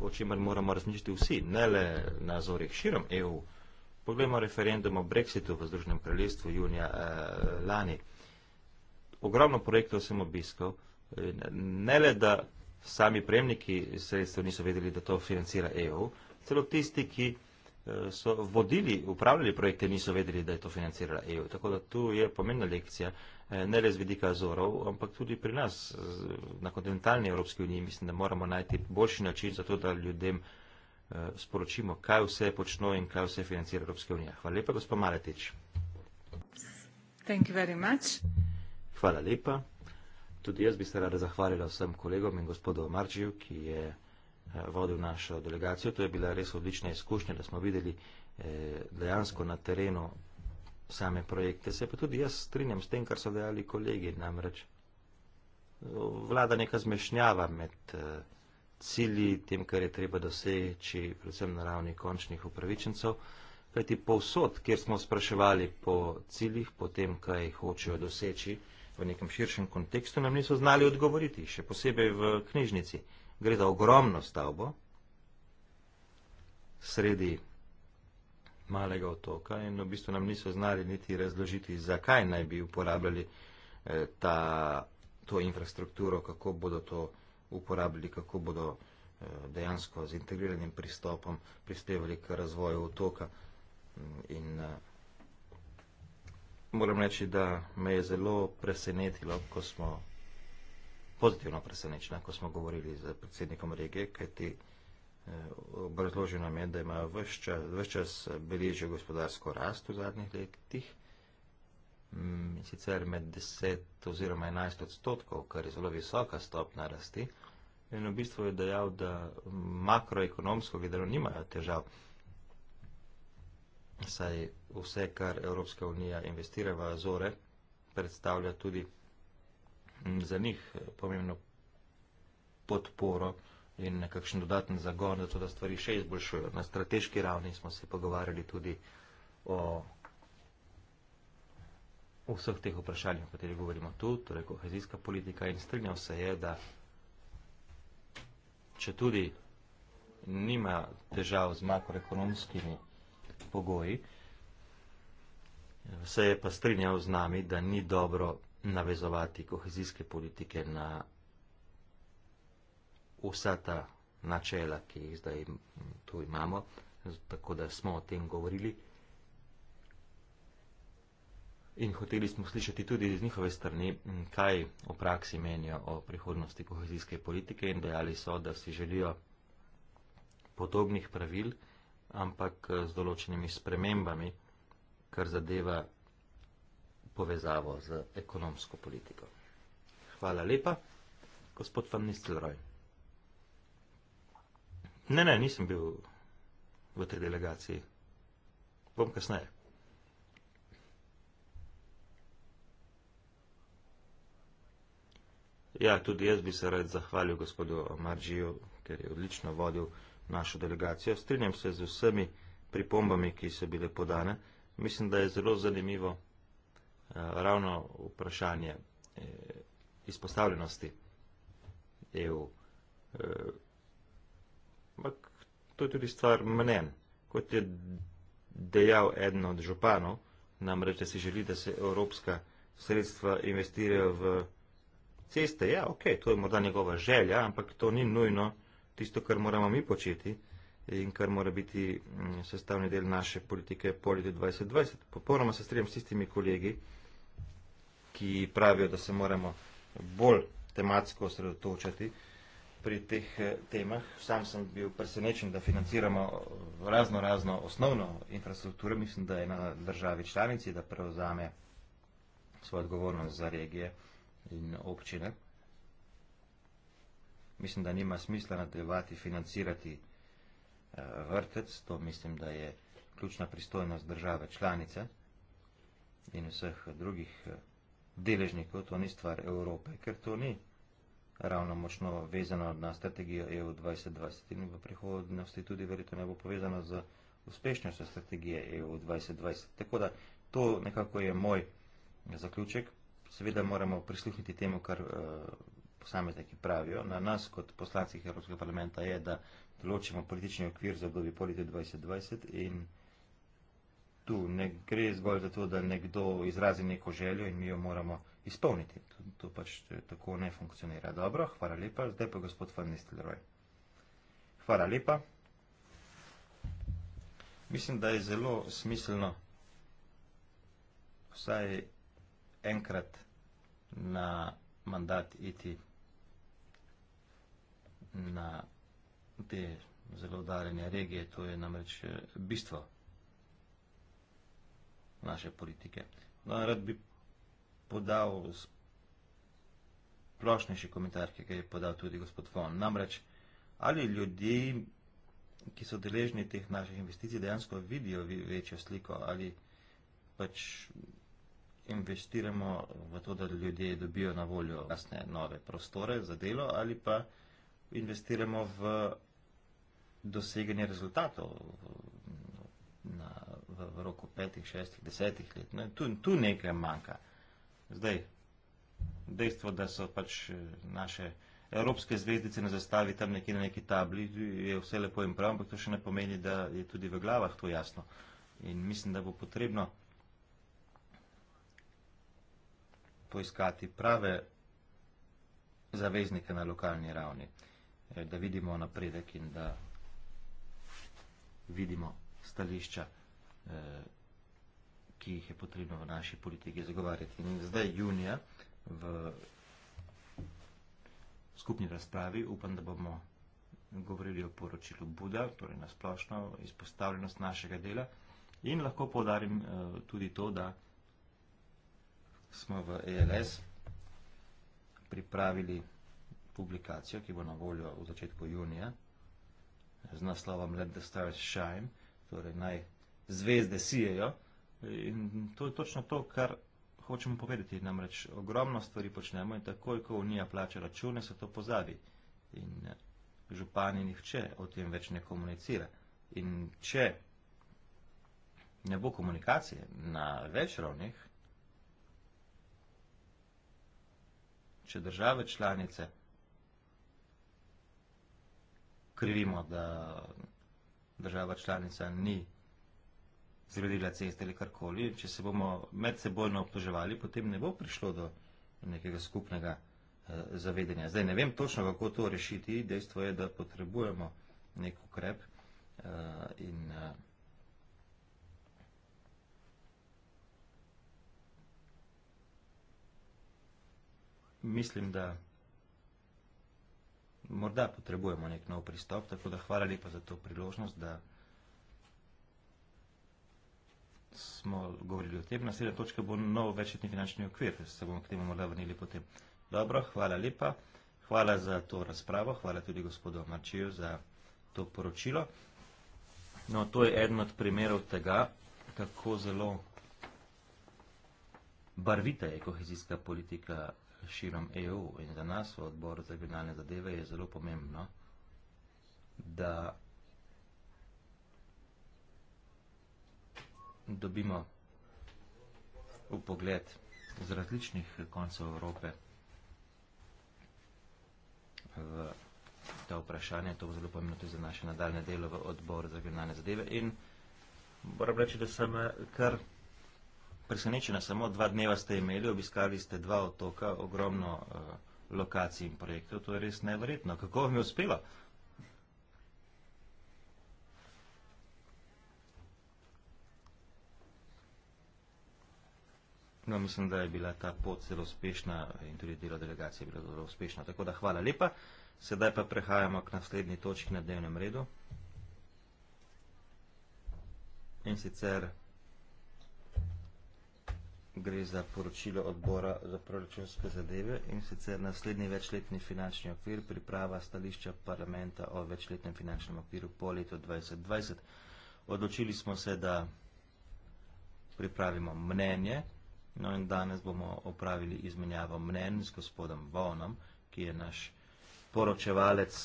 o čemer moramo razmišljati vsi, ne le na zorih širom EU. Poglejmo referendum o Brexitu v Združenem kraljestvu junija eh, lani. Ogromno projektov sem obiskal, ne le da sami prejemniki sredstev niso vedeli, da to financira EU, celo tisti, ki so vodili, upravljali projekte, niso vedeli, da je to financirala EU. Tako da tu je pomembna lekcija, eh, ne le z vidika Azorov, ampak tudi pri nas, eh, na kontinentalni Evropski uniji, mislim, da moramo najti boljši način za to, da ljudem eh, sporočimo, kaj vse počno in kaj vse financira Evropska unija. Hvala lepa, gospod Maletič. Thank you very much. Hvala lepa. Tudi jaz bi se rada zahvalila vsem kolegom in gospodu Omarđiju, ki je Eh, vodil našo delegacijo. To je bila res odlična izkušnja, da smo videli eh, dejansko na terenu same projekte. Se pa tudi jaz strinjam s tem, kar so dejali kolegi, namreč eh, vlada neka zmešnjava med cilji, tem, kar je treba doseči, predvsem na ravni končnih upravičencev. Kajti povsod, kjer smo spraševali po ciljih, po tem, kaj hočejo doseči v nekem širšem kontekstu, nam niso znali odgovoriti, še posebej v knjižnici gre za ogromno stavbo sredi malega otoka in v bistvu nam niso znali niti razložiti, zakaj naj bi uporabljali eh, ta, to infrastrukturo, kako bodo to uporabljali, kako bodo eh, dejansko z integriranim pristopom prispevali k razvoju otoka. In eh, moram reči, da me je zelo presenetilo, ko smo pozitivno presenečena, ko smo govorili z predsednikom regije, kajti eh, obrazložil nam je, da imajo vse čas, čas beležijo gospodarsko rast v zadnjih letih, mm, in sicer med 10 oziroma 11 odstotkov, kar je zelo visoka stopna rasti. In v bistvu je dejal, da makroekonomsko gledano nimajo težav, saj vse, kar Evropska unija investira v Azore, predstavlja tudi Mm, za njih eh, pomembno podporo in nekakšen dodaten zagon, zato da stvari še izboljšujejo. Na strateški ravni smo se pogovarjali tudi o vseh teh vprašanjih, o katerih govorimo tu, torej kohezijska politika in strinjal se je, da če tudi nima težav z makroekonomskimi pogoji, se je pa strinjal z nami, da ni dobro navezovati kohezijske politike na vsa ta načela, ki jih zdaj tu imamo, tako da smo o tem govorili. In hoteli smo slišati tudi z njihove strani, kaj v praksi menijo o prihodnosti kohezijske politike in dejali so, da si želijo podobnih pravil, ampak z določenimi spremembami, kar zadeva povezavo z ekonomsko politiko. Hvala lepa, gospod van Nistelrooy. Ne, ne, nisem bil v tri delegaciji. Bom kasneje. Ja, tudi jaz bi se rad zahvalil gospodu Maržiju, ker je odlično vodil našo delegacijo. Strinjam se z vsemi pripombami, ki so bile podane. Mislim, da je zelo zanimivo. Eh, ravno vprašanje eh, izpostavljenosti EU. Eh, ampak to je tudi stvar mnen. Kot je dejal eden od županov, namreč, da si želi, da se evropska sredstva investirajo v ceste. Ja, ok, to je morda njegova želja, ampak to ni nujno tisto, kar moramo mi početi in kar mora biti mm, sestavni del naše politike Polite 2020. Popolnoma se strijem s tistimi kolegi, ki pravijo, da se moramo bolj tematsko osredotočati pri teh eh, temah. Sam sem bil presenečen, da financiramo eh, razno razno osnovno infrastrukturo. Mislim, da je na državi članici, da prevzame svojo odgovornost za regije in občine. Mislim, da nima smisla nadaljevati financirati eh, vrtec, to mislim, da je ključna pristojnost države članice in vseh drugih deležnikov, to ni stvar Evrope, ker to ni ravno močno vezano na strategijo EU 2020 in v prihodnosti tudi verjetno ne bo povezano z uspešnostjo strategije EU 2020. Tako da to nekako je moj zaključek. Seveda moramo prisluhniti temu, kar eh, posamezniki pravijo. Na nas kot poslanskih Evropskega parlamenta je, da določimo politični okvir za obdobje po letu 2020 in tu ne gre zgolj za to, da nekdo izrazi neko željo in mi jo moramo izpolniti. To, to pač eh, tako ne funkcionira. Dobro, hvala lepa. Zdaj pa gospod Van Nistelrooy. Hvala lepa. Mislim, da je zelo smiselno vsaj enkrat na mandat iti na te zelo daljene regije. To je namreč eh, bistvo naše politike. No, rad bi podal splošnejši komentar, ki ga je podal tudi gospod Fon. Namreč, ali ljudje, ki so deležni teh naših investicij, dejansko vidijo večjo sliko, ali pač investiramo v to, da ljudje dobijo na voljo jasne nove prostore za delo, ali pa investiramo v doseganje rezultatov na v, v roku petih, šestih, desetih let. Ne, tu, tu nekaj manjka. Zdaj, dejstvo, da so pač eh, naše evropske zvezdice na zastavi tam nekje na neki tabli, je vse lepo in prav, ampak to še ne pomeni, da je tudi v glavah to jasno. In mislim, da bo potrebno poiskati prave zaveznike na lokalni ravni, eh, da vidimo napredek in da vidimo stališča. Eh, ki jih je potrebno v naši politiki zagovarjati. In zdaj junija v skupni razpravi upam, da bomo govorili o poročilu Buda, torej na splošno izpostavljenost našega dela in lahko povdarim eh, tudi to, da smo v ELS pripravili publikacijo, ki bo na voljo v začetku junija z naslovom Let the stars shine, torej naj zvezde sijejo. In to je točno to, kar hočemo povedati. Namreč ogromno stvari počnemo in takoj, ko Unija plača račune, se to pozabi. In eh, župani nihče o tem več ne komunicira. In če ne bo komunikacije na več ravnih, če države članice krivimo, da država članica ni zgradila ceste ali karkoli, če se bomo medsebojno obtoževali, potem ne bo prišlo do nekega skupnega eh, zavedanja. Zdaj ne vem točno, kako to rešiti. Dejstvo je, da potrebujemo nek ukrep eh, in eh, Mislim, da morda potrebujemo nek nov pristop, tako da hvala lepa za to priložnost, da smo govorili o tem. Naslednja točka bo nov večletni finančni okvir, se bomo k temu morda vrnili potem. Dobro, hvala lepa. Hvala za to razpravo, hvala tudi gospodu Marčiju za to poročilo. No, to je eden od primerov tega, kako zelo barvita je kohezijska politika širom EU in za nas v odboru za regionalne zadeve je zelo pomembno, da dobimo v pogled z različnih koncev Evrope v ta vprašanje. To bo zelo pomembno tudi za naše nadaljne delo v odbor za regionalne zadeve. In moram reči, da sem eh, kar presenečena. Samo dva dneva ste imeli, obiskali ste dva otoka, ogromno uh, lokacij in projektov. To je res nevrjetno. Kako vam je uspelo? Uh, No, mislim, da je bila ta pot zelo uspešna in tudi delo delegacije je bilo zelo uspešno. Tako da hvala lepa. Sedaj pa prehajamo k naslednji točki na dnevnem redu. In sicer gre za poročilo odbora za proračunske zadeve in sicer naslednji večletni finančni okvir priprava stališča parlamenta o večletnem finančnem okviru po letu 2020. Odločili smo se, da pripravimo mnenje No in danes bomo opravili izmenjavo mnen z gospodom Vonom, ki je naš poročevalec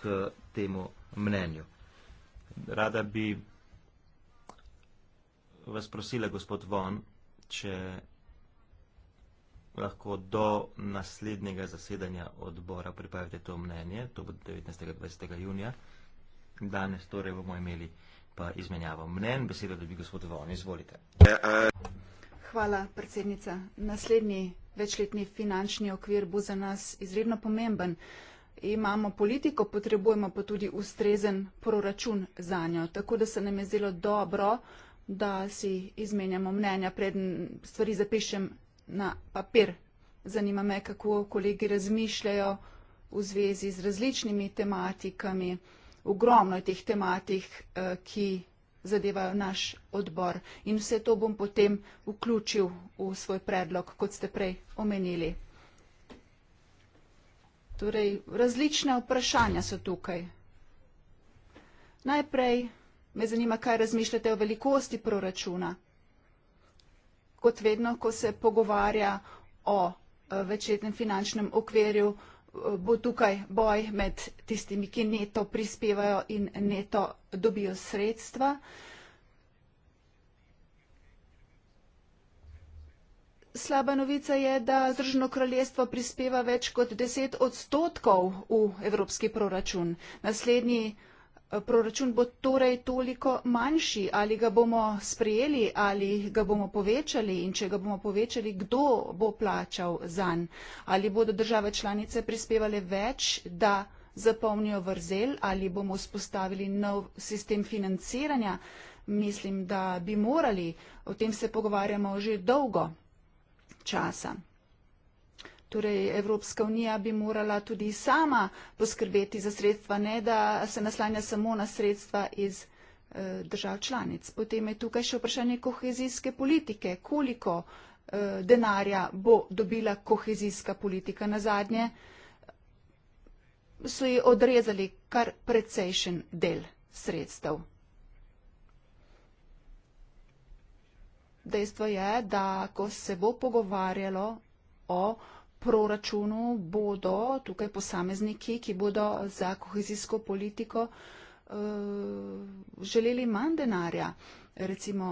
k temu mnenju. Rada bi vas prosila, gospod Von, če lahko do naslednjega zasedanja odbora pripravite to mnenje, to bo 19.20. junija. Danes torej bomo imeli pa izmenjavo mnen, besedo dobi gospod Von, izvolite. Yeah, ja, uh... Hvala, predsednica. Naslednji večletni finančni okvir bo za nas izredno pomemben. Imamo politiko, potrebujemo pa tudi ustrezen proračun za njo. Tako da se nam je zelo dobro, da si izmenjamo mnenja, preden stvari zapišem na papir. Zanima me, kako kolegi razmišljajo v zvezi z različnimi tematikami. Ogromno je teh tematik, eh, ki zadevajo naš odbor. In vse to bom potem vključil v svoj predlog, kot ste prej omenili. Torej, različne vprašanja so tukaj. Najprej me zanima, kaj razmišljate o velikosti proračuna. Kot vedno, ko se pogovarja o eh, večletnem finančnem okverju, bo tukaj boj med tistimi, ki neto prispevajo in neto dobijo sredstva. Slaba novica je, da Združeno kraljestvo prispeva več kot 10 odstotkov v evropski proračun. Naslednji Proračun bo torej toliko manjši, ali ga bomo sprejeli, ali ga bomo povečali in če ga bomo povečali, kdo bo plačal za njega. Ali bodo države članice prispevali več, da zapolnijo vrzel, ali bomo vzpostavili nov sistem financiranja. Mislim, da bi morali, o tem se pogovarjamo že dolgo časa. Torej, Evropska unija bi morala tudi sama poskrbeti za sredstva, ne da se naslanja samo na sredstva iz eh, držav članic. Potem je tukaj še vprašanje kohezijske politike. Koliko eh, denarja bo dobila kohezijska politika na zadnje? So ji odrezali kar precejšen del sredstev. Dejstvo je, da ko se bo pogovarjalo o proračunu bodo tukaj posamezniki, ki bodo za kohezijsko politiko uh, želeli manj denarja, recimo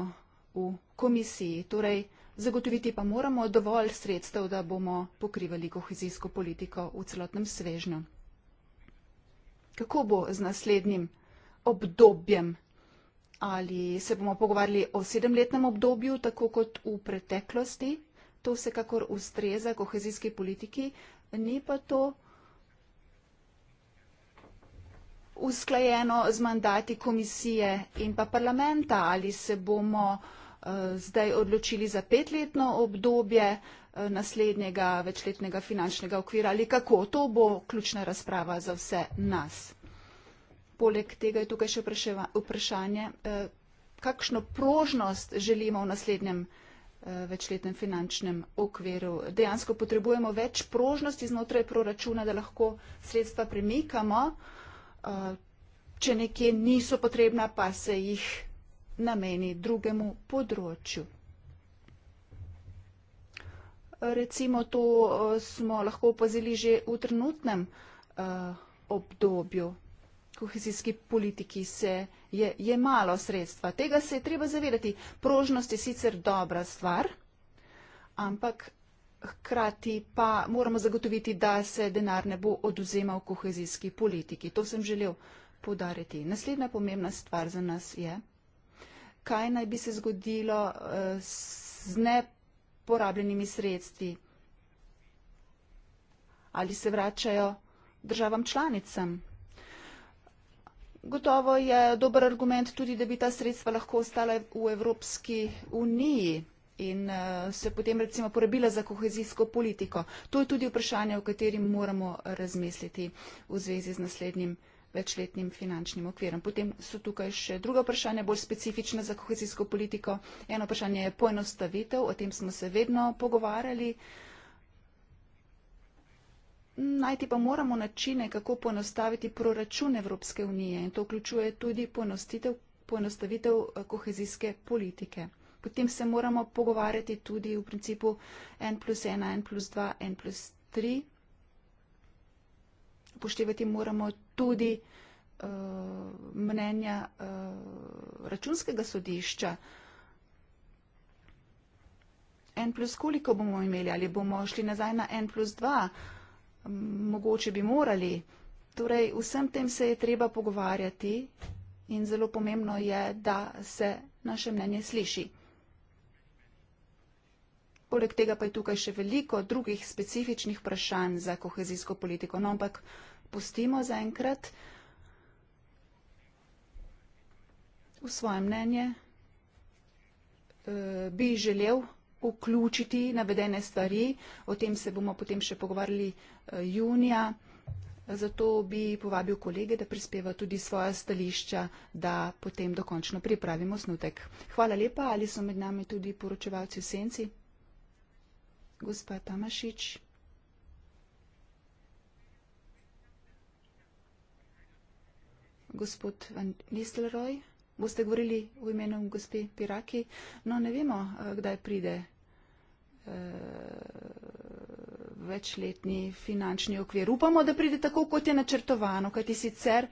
v komisiji. Torej, zagotoviti pa moramo dovolj sredstev, da bomo pokrivali kohezijsko politiko v celotnem svežnju. Kako bo z naslednjim obdobjem? Ali se bomo pogovarjali o sedemletnem obdobju, tako kot v preteklosti? to vsekakor ustreza kohezijski politiki, ni pa to usklajeno z mandati komisije in pa parlamenta, ali se bomo eh, zdaj odločili za petletno obdobje eh, naslednjega večletnega finančnega okvira ali kako. To bo ključna razprava za vse nas. Poleg tega je tukaj še vprašanje, eh, kakšno prožnost želimo v naslednjem obdobju. Eh, večletnem finančnem okviru. Dejansko potrebujemo več prožnosti znotraj proračuna, da lahko sredstva premikamo, eh, če nekje niso potrebna, pa se jih nameni drugemu področju. Recimo to eh, smo lahko opazili že v trenutnem obdobju. Kohezijski politiki se nekaj je, je malo sredstva. Tega se je treba zavedati. Prožnost je sicer dobra stvar, ampak hkrati pa moramo zagotoviti, da se denar ne bo oduzemal kohezijski politiki. To sem želel podariti. Naslednja pomembna stvar za nas je, kaj naj bi se zgodilo z eh, neporabljenimi sredstvi. Ali se vračajo državam članicam? Gotovo je dober argument tudi, da bi ta sredstva lahko ostala v Evropski uniji in eh, se potem recimo porabila za kohezijsko politiko. To je tudi vprašanje, o katerem moramo razmisliti v zvezi z naslednjim večletnim finančnim okvirom. Potem so tukaj še druga vprašanja, bolj specifična za kohezijsko politiko. Eno vprašanje je poenostavitev, o tem smo se vedno pogovarjali. Najti pa moramo načine, kako ponostaviti proračun Evropske unije in to vključuje tudi ponostitev, ponostavitev eh, kohezijske politike. Potem se moramo pogovarjati tudi v principu N plus 1, N plus 2, N plus 3. Poštevati moramo tudi uh, mnenja uh, računskega sodišča. N plus koliko bomo imeli, ali bomo šli nazaj na N plus 2? mogoče bi morali. Torej, vsem tem se je treba pogovarjati in zelo pomembno je, da se naše mnenje sliši. Poleg tega pa je tukaj še veliko drugih specifičnih vprašanj za kohezijsko politiko. No, ampak pustimo zaenkrat v svoje mnenje. E, bi želel vključiti navedene stvari. O tem se bomo potem še pogovarjali eh, junija. Zato bi povabil kolege, da prispeva tudi svoja stališča, da potem dokončno pripravimo snutek. Hvala lepa. Ali so med nami tudi poročevalci v senci? Gospa Tamašič. Gospod Van Nistelrooy, boste govorili v imenu gospe Piraki? No, ne vemo, eh, kdaj pride Eh, večletni finančni okvir. Upamo, da pride tako, kot je načrtovano, kajti sicer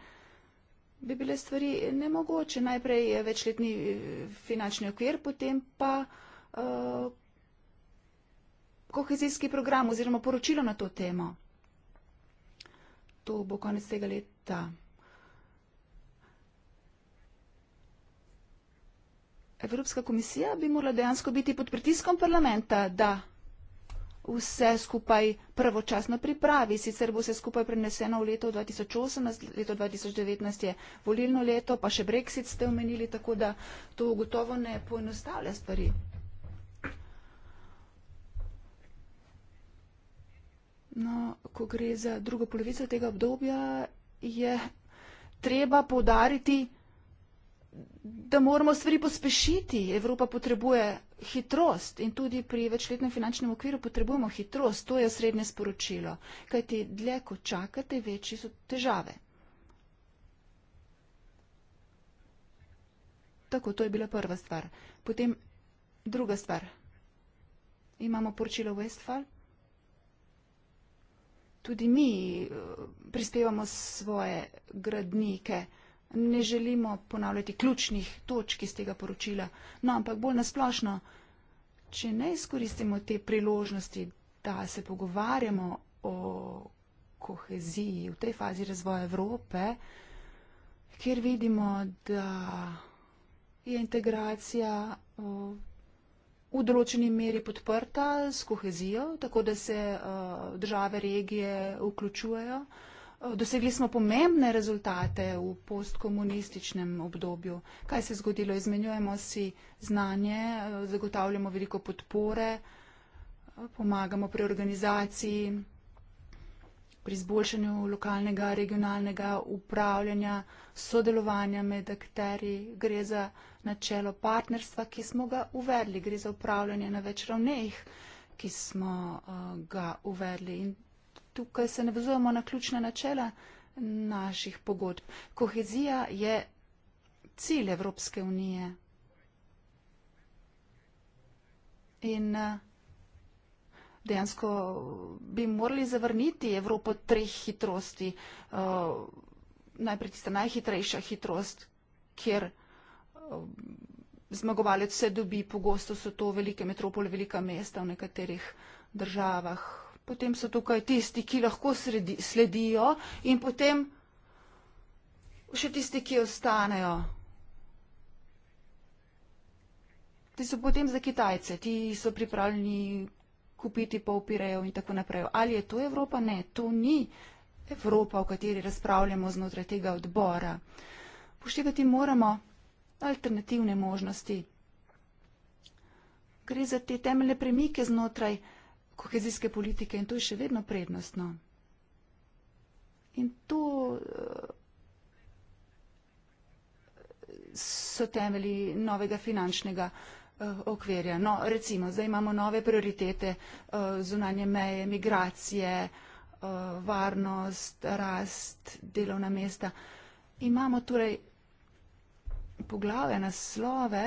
bi bile stvari nemogoče. Najprej je večletni eh, finančni okvir, potem pa uh, kohezijski program oziroma poročilo na to temo. To bo konec tega leta. Evropska komisija bi morala dejansko biti pod pritiskom parlamenta, da vse skupaj pravočasno pripravi. Sicer bo vse skupaj preneseno v leto 2018, leto 2019 je volilno leto, pa še Brexit ste omenili, tako da to gotovo ne poenostavlja stvari. No, ko gre za drugo polovico tega obdobja, je treba podariti da moramo stvari pospešiti. Evropa potrebuje hitrost in tudi pri večletnem finančnem okviru potrebujemo hitrost. To je srednje sporočilo. Kajti dlje, ko čakate, večji so težave. Tako, to je bila prva stvar. Potem druga stvar. Imamo poročilo Westfall. Tudi mi eh, prispevamo svoje gradnike ne želimo ponavljati ključnih točk iz tega poročila, no ampak bolj nasplošno, če ne izkoristimo te priložnosti, da se pogovarjamo o koheziji v tej fazi razvoja Evrope, kjer vidimo, da je integracija v določeni meri podprta s kohezijo, tako da se države, regije vključujejo. Dosegli smo pomembne rezultate v postkomunističnem obdobju. Kaj se je zgodilo? Izmenjujemo si znanje, zagotavljamo veliko podpore, pomagamo pri organizaciji, pri izboljšanju lokalnega, regionalnega upravljanja, sodelovanja med akteri. Gre za načelo partnerstva, ki smo ga uvedli. Gre za upravljanje na več ravneh, ki smo eh, ga uvedli. In tukaj se navezujemo na ključna načela naših pogodb. Kohezija je cilj Evropske unije. In eh, dejansko bi morali zavrniti Evropo treh hitrosti. Eh, najprej tista najhitrejša hitrost, kjer eh, zmagovalec vse dobi, pogosto so to velike metropole, velika mesta v nekaterih državah potem so tukaj tisti, ki lahko sredi, sledijo in potem še tisti, ki ostanejo. Ti so potem za Kitajce, ti so pripravljeni kupiti pol pirejo in tako naprej. Ali je to Evropa? Ne, to ni Evropa, o kateri razpravljamo znotraj tega odbora. Poštevati moramo alternativne možnosti. Gre za te temeljne premike znotraj kohezijske politike in to je še vedno prednostno. In to eh, so temeli novega finančnega eh, okvirja. No, recimo, zdaj imamo nove prioritete eh, zunanje meje, migracije, varnost, rast, delovna mesta. Imamo torej poglave, naslove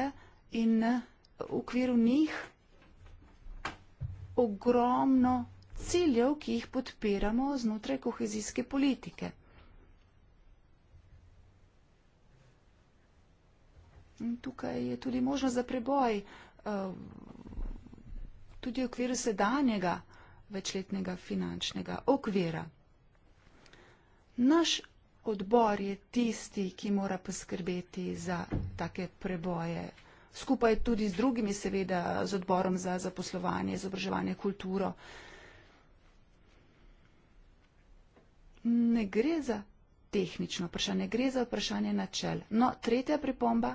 in v okviru njih ogromno ciljev, ki jih podpiramo znotraj kohezijske politike. In tukaj je tudi možnost za preboj eh, tudi v okviru sedanjega večletnega finančnega okvira. Naš odbor je tisti, ki mora poskrbeti za take preboje skupaj tudi z drugimi, seveda z odborom za zaposlovanje, izobraževanje, kulturo. Ne gre za tehnično vprašanje, gre za vprašanje načel. No, tretja pripomba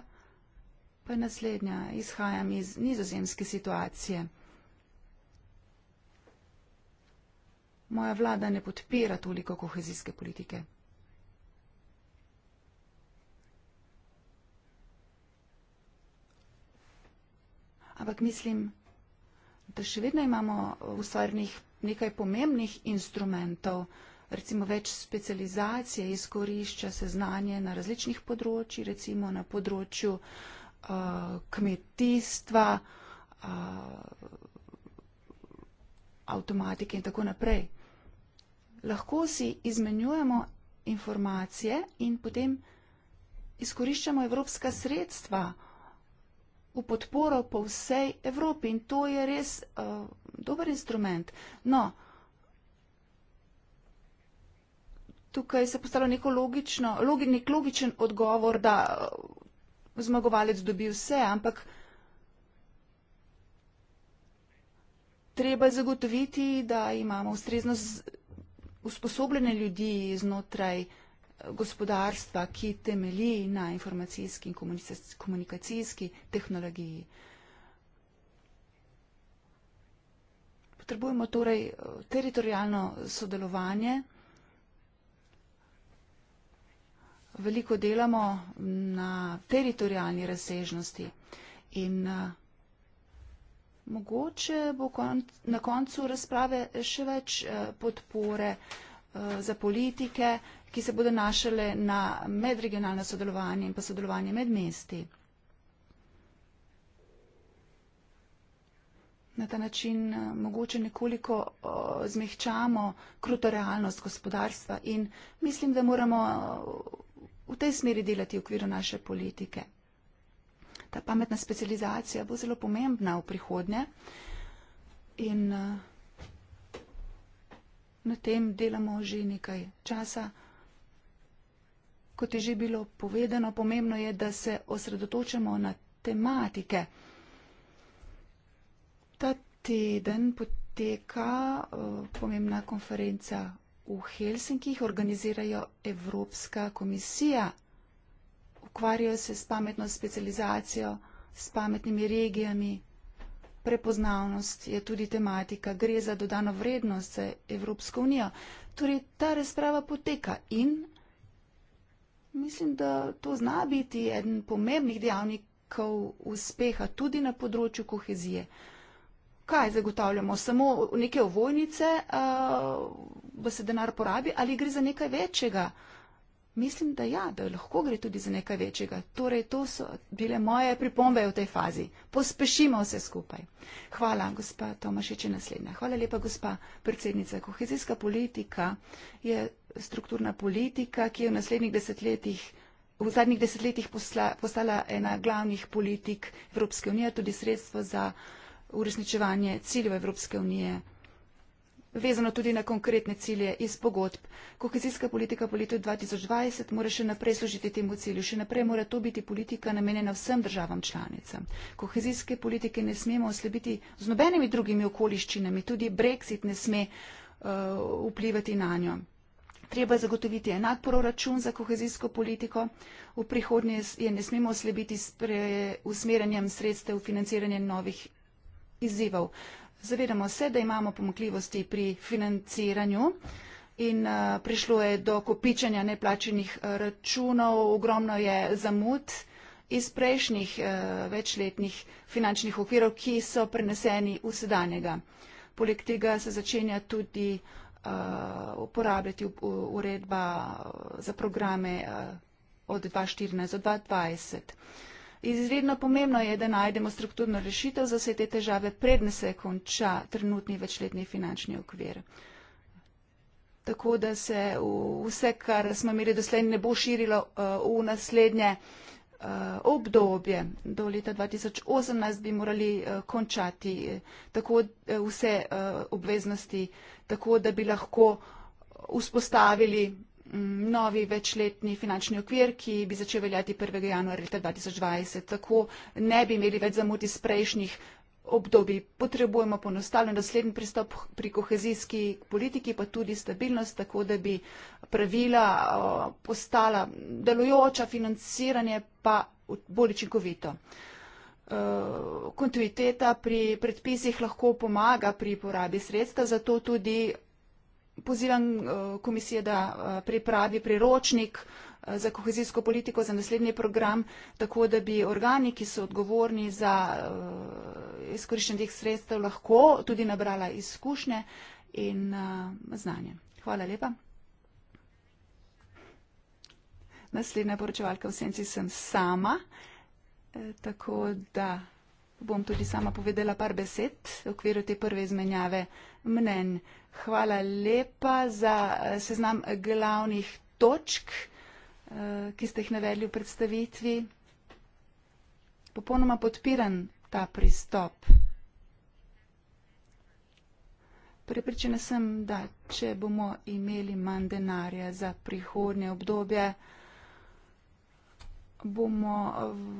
pa je naslednja. Izhajam iz nizozemske situacije. Moja vlada ne podpira toliko kohezijske politike. Ampak mislim, da še vedno imamo v stvarnih nekaj pomembnih instrumentov, recimo več specializacije izkorišča seznanje na različnih področjih, recimo na področju uh, kmetijstva, uh, avtomatike in tako naprej. Lahko si izmenjujemo informacije in potem izkoriščamo evropska sredstva v podporo po vsej Evropi in to je res uh, dober instrument. No, tukaj se postalo neko logično, log, nek logičen odgovor, da uh, zmagovalec dobi vse, ampak treba zagotoviti, da imamo ustrezno usposobljene ljudi znotraj uh, gospodarstva, ki temelji na informacijski in komunikacijski tehnologiji. Potrebujemo torej eh, teritorijalno sodelovanje. Veliko delamo na teritorijalni razsežnosti in eh, mogoče bo na koncu razprave še več eh, podpore. Eh, za politike, ki se bodo našale na medregionalno sodelovanje in pa sodelovanje med mesti. Na ta način eh, mogoče nekoliko eh, zmehčamo kruto realnost gospodarstva in mislim, da moramo v tej smeri delati v okviru naše politike. Ta pametna specializacija bo zelo pomembna v prihodnje in uh, na tem delamo že nekaj časa. Kot je že bilo povedano, pomembno je, da se osredotočamo na tematike. Ta teden poteka eh, pomembna konferenca v Helsinkih, organizirajo Evropska komisija. Ukvarjajo se s pametno specializacijo, s pametnimi regijami, prepoznavnost je tudi tematika, gre za dodano vrednost za Evropsko unijo. Torej, ta razprava poteka in mislim, da to zna biti eden pomembnih dejavnikov uspeha tudi na področju kohezije. Kaj zagotavljamo? Samo neke ovojnice, da se denar porabi ali gre za nekaj večjega? Uh, Mislim, da ja, da lahko gre tudi za nekaj večjega. Torej, to so bile moje pripombe v tej fazi. Pospešimo vse skupaj. Hvala, gospa Tomašič, naslednja. Hvala lepa, gospa predsednica. Kohezijska politika je strukturna politika, ki je v, v zadnjih desetletjih posla, postala ena glavnih politik Evropske unije, tudi sredstvo za uresničevanje ciljev Evropske unije vezano tudi na konkretne cilje iz pogodb. Kohezijska politika po letu 2020 mora še naprej služiti temu cilju, še naprej mora to biti politika namenjena vsem državam članicam. Kohezijske politike ne smemo oslabiti z nobenimi drugimi okoliščinami, tudi brexit ne sme uh, vplivati na njo. Treba zagotoviti enak proračun za kohezijsko politiko. V prihodnje je ne smemo oslabiti s usmerjanjem sredstev v financiranje novih izzivov. Zavedamo se, da imamo pomakljivosti pri financiranju in eh, prišlo je do kopičanja neplačenih eh, računov, ogromno je zamud iz prejšnjih eh, večletnih finančnih okvirov, ki so preneseni v sedanjega. Poleg tega se začenja tudi uporabljati uredba za programe od 2014 do 2020. Izredno pomembno je, da najdemo strukturno rešitev za vse te težave, predn se konča trenutni večletni finančni okvir. Tako da se vse, kar smo imeli doslej, ne bo širilo eh, v naslednje eh, obdobje. Do leta 2018 bi morali eh, končati tako, vse obveznosti, tako da bi lahko vzpostavili novi večletni finančni okvir, ki bi začel veljati 1. januarja 2020. Tako ne bi imeli več zamudi iz prejšnjih obdobij. Potrebujemo ponostavljen naslednji pristop pri kohezijski politiki, pa tudi stabilnost, tako da bi pravila postala delujoča, financiranje pa bolj učinkovito. Kontinuiteta pri predpisih lahko pomaga pri porabi sredstva, zato tudi pozivam eh, komisijo, da eh, pripravi priročnik eh, za kohezijsko politiko za naslednji program, tako da bi organi, ki so odgovorni za izkoriščen teh sredstev, lahko tudi nabrala izkušnje in znanje. Hvala lepa. Naslednja poročevalka v senci sem sama, tako da bom tudi sama povedala par besed v okviru te prve izmenjave mnen. Hvala lepa za eh, seznam glavnih točk, eh, ki ste jih navedli v predstavitvi. Popolnoma podpiran ta pristop. Prepričana sem, da če bomo imeli manj denarja za prihodnje obdobje, bomo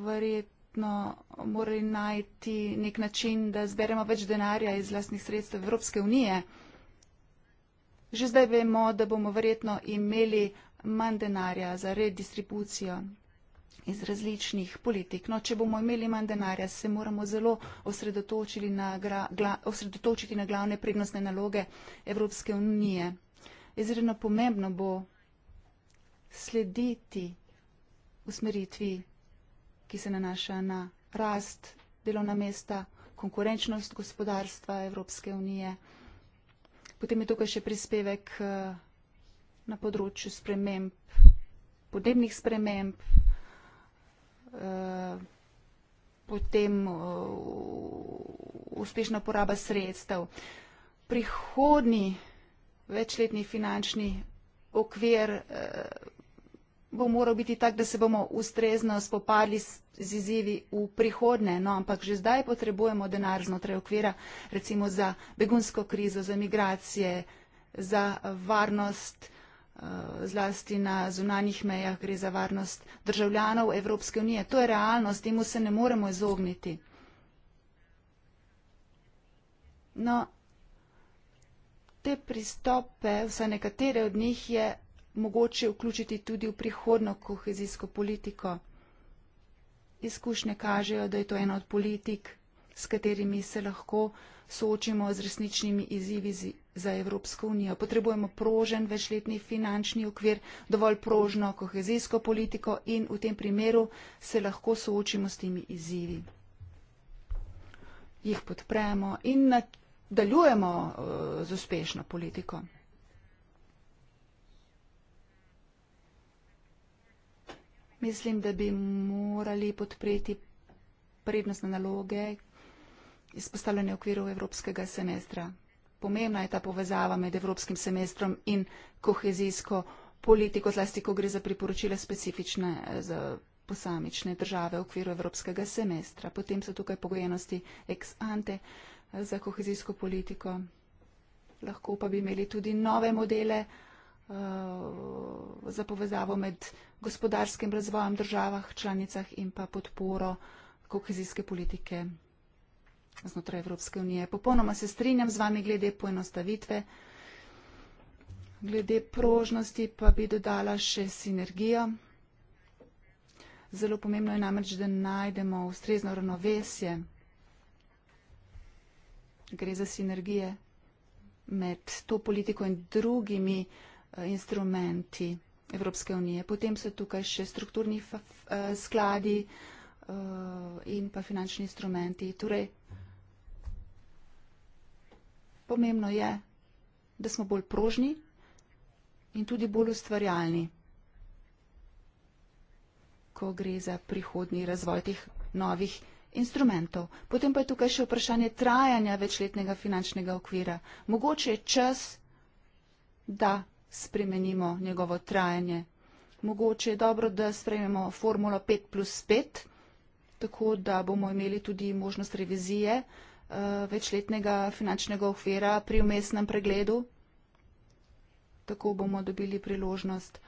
verjetno verjetno morali najti nek način, da zberemo več denarja iz vlastnih sredstev Evropske unije. Že zdaj vemo, da bomo verjetno imeli manj denarja za redistribucijo iz različnih politik. No, če bomo imeli manj denarja, se moramo zelo osredotočiti na, gra, gla, osredotočiti na glavne prednostne naloge Evropske unije. Izredno pomembno bo slediti usmeritvi ki se nanaša na rast delovna mesta, konkurenčnost gospodarstva Evropske unije. Potem je tukaj še prispevek eh, na področju sprememb, podnebnih sprememb, eh, potem eh, uspešna poraba sredstev. Prihodni večletni finančni okvir bo moral biti tak, da se bomo ustrezno spopadli s, z izzivi v prihodne. No, ampak že zdaj potrebujemo denar znotraj okvira, recimo za begunsko krizo, za migracije, za varnost, eh, zlasti na zunanjih mejah gre za varnost državljanov Evropske unije. To je realnost, temu se ne moremo izogniti. No, te pristope, vsaj nekatere od njih je mogoče vključiti tudi v prihodno kohezijsko politiko. Izkušnje kažejo, da je to ena od politik, s katerimi se lahko soočimo z resničnimi izzivi za Evropsko unijo. Potrebujemo prožen večletni finančni okvir, dovolj prožno kohezijsko politiko in v tem primeru se lahko soočimo s temi izzivi. Jih podpremo in nadaljujemo eh, z uspešno politiko. mislim, da bi morali podpreti prednostne naloge izpostavljene v okviru evropskega semestra. Pomembna je ta povezava med evropskim semestrom in kohezijsko politiko, zlasti ko gre za priporočila specifične eh, za posamične države v okviru evropskega semestra. Potem so tukaj pogojenosti ex ante eh, za kohezijsko politiko. Lahko pa bi imeli tudi nove modele Eh, za povezavo med gospodarskim razvojem v državah, članicah in pa podporo kohezijske politike znotraj Evropske unije. Popolnoma se strinjam z vami glede poenostavitve, glede prožnosti pa bi dodala še sinergijo. Zelo pomembno je namreč, da najdemo ustrezno ravnovesje. Gre za sinergije med to politiko in drugimi Eh, instrumenti Evropske unije. Potem so tukaj še strukturni eh, skladi eh, in pa finančni instrumenti. Torej, pomembno je, da smo bolj prožni in tudi bolj ustvarjalni, ko gre za prihodni razvoj teh novih instrumentov. Potem pa je tukaj še vprašanje trajanja večletnega finančnega okvira. Mogoče je čas, da spremenimo njegovo trajanje. Mogoče je dobro, da sprejmemo formulo 5 plus 5, tako da bomo imeli tudi možnost revizije eh, večletnega finančnega okvira pri umestnem pregledu. Tako bomo dobili priložnost,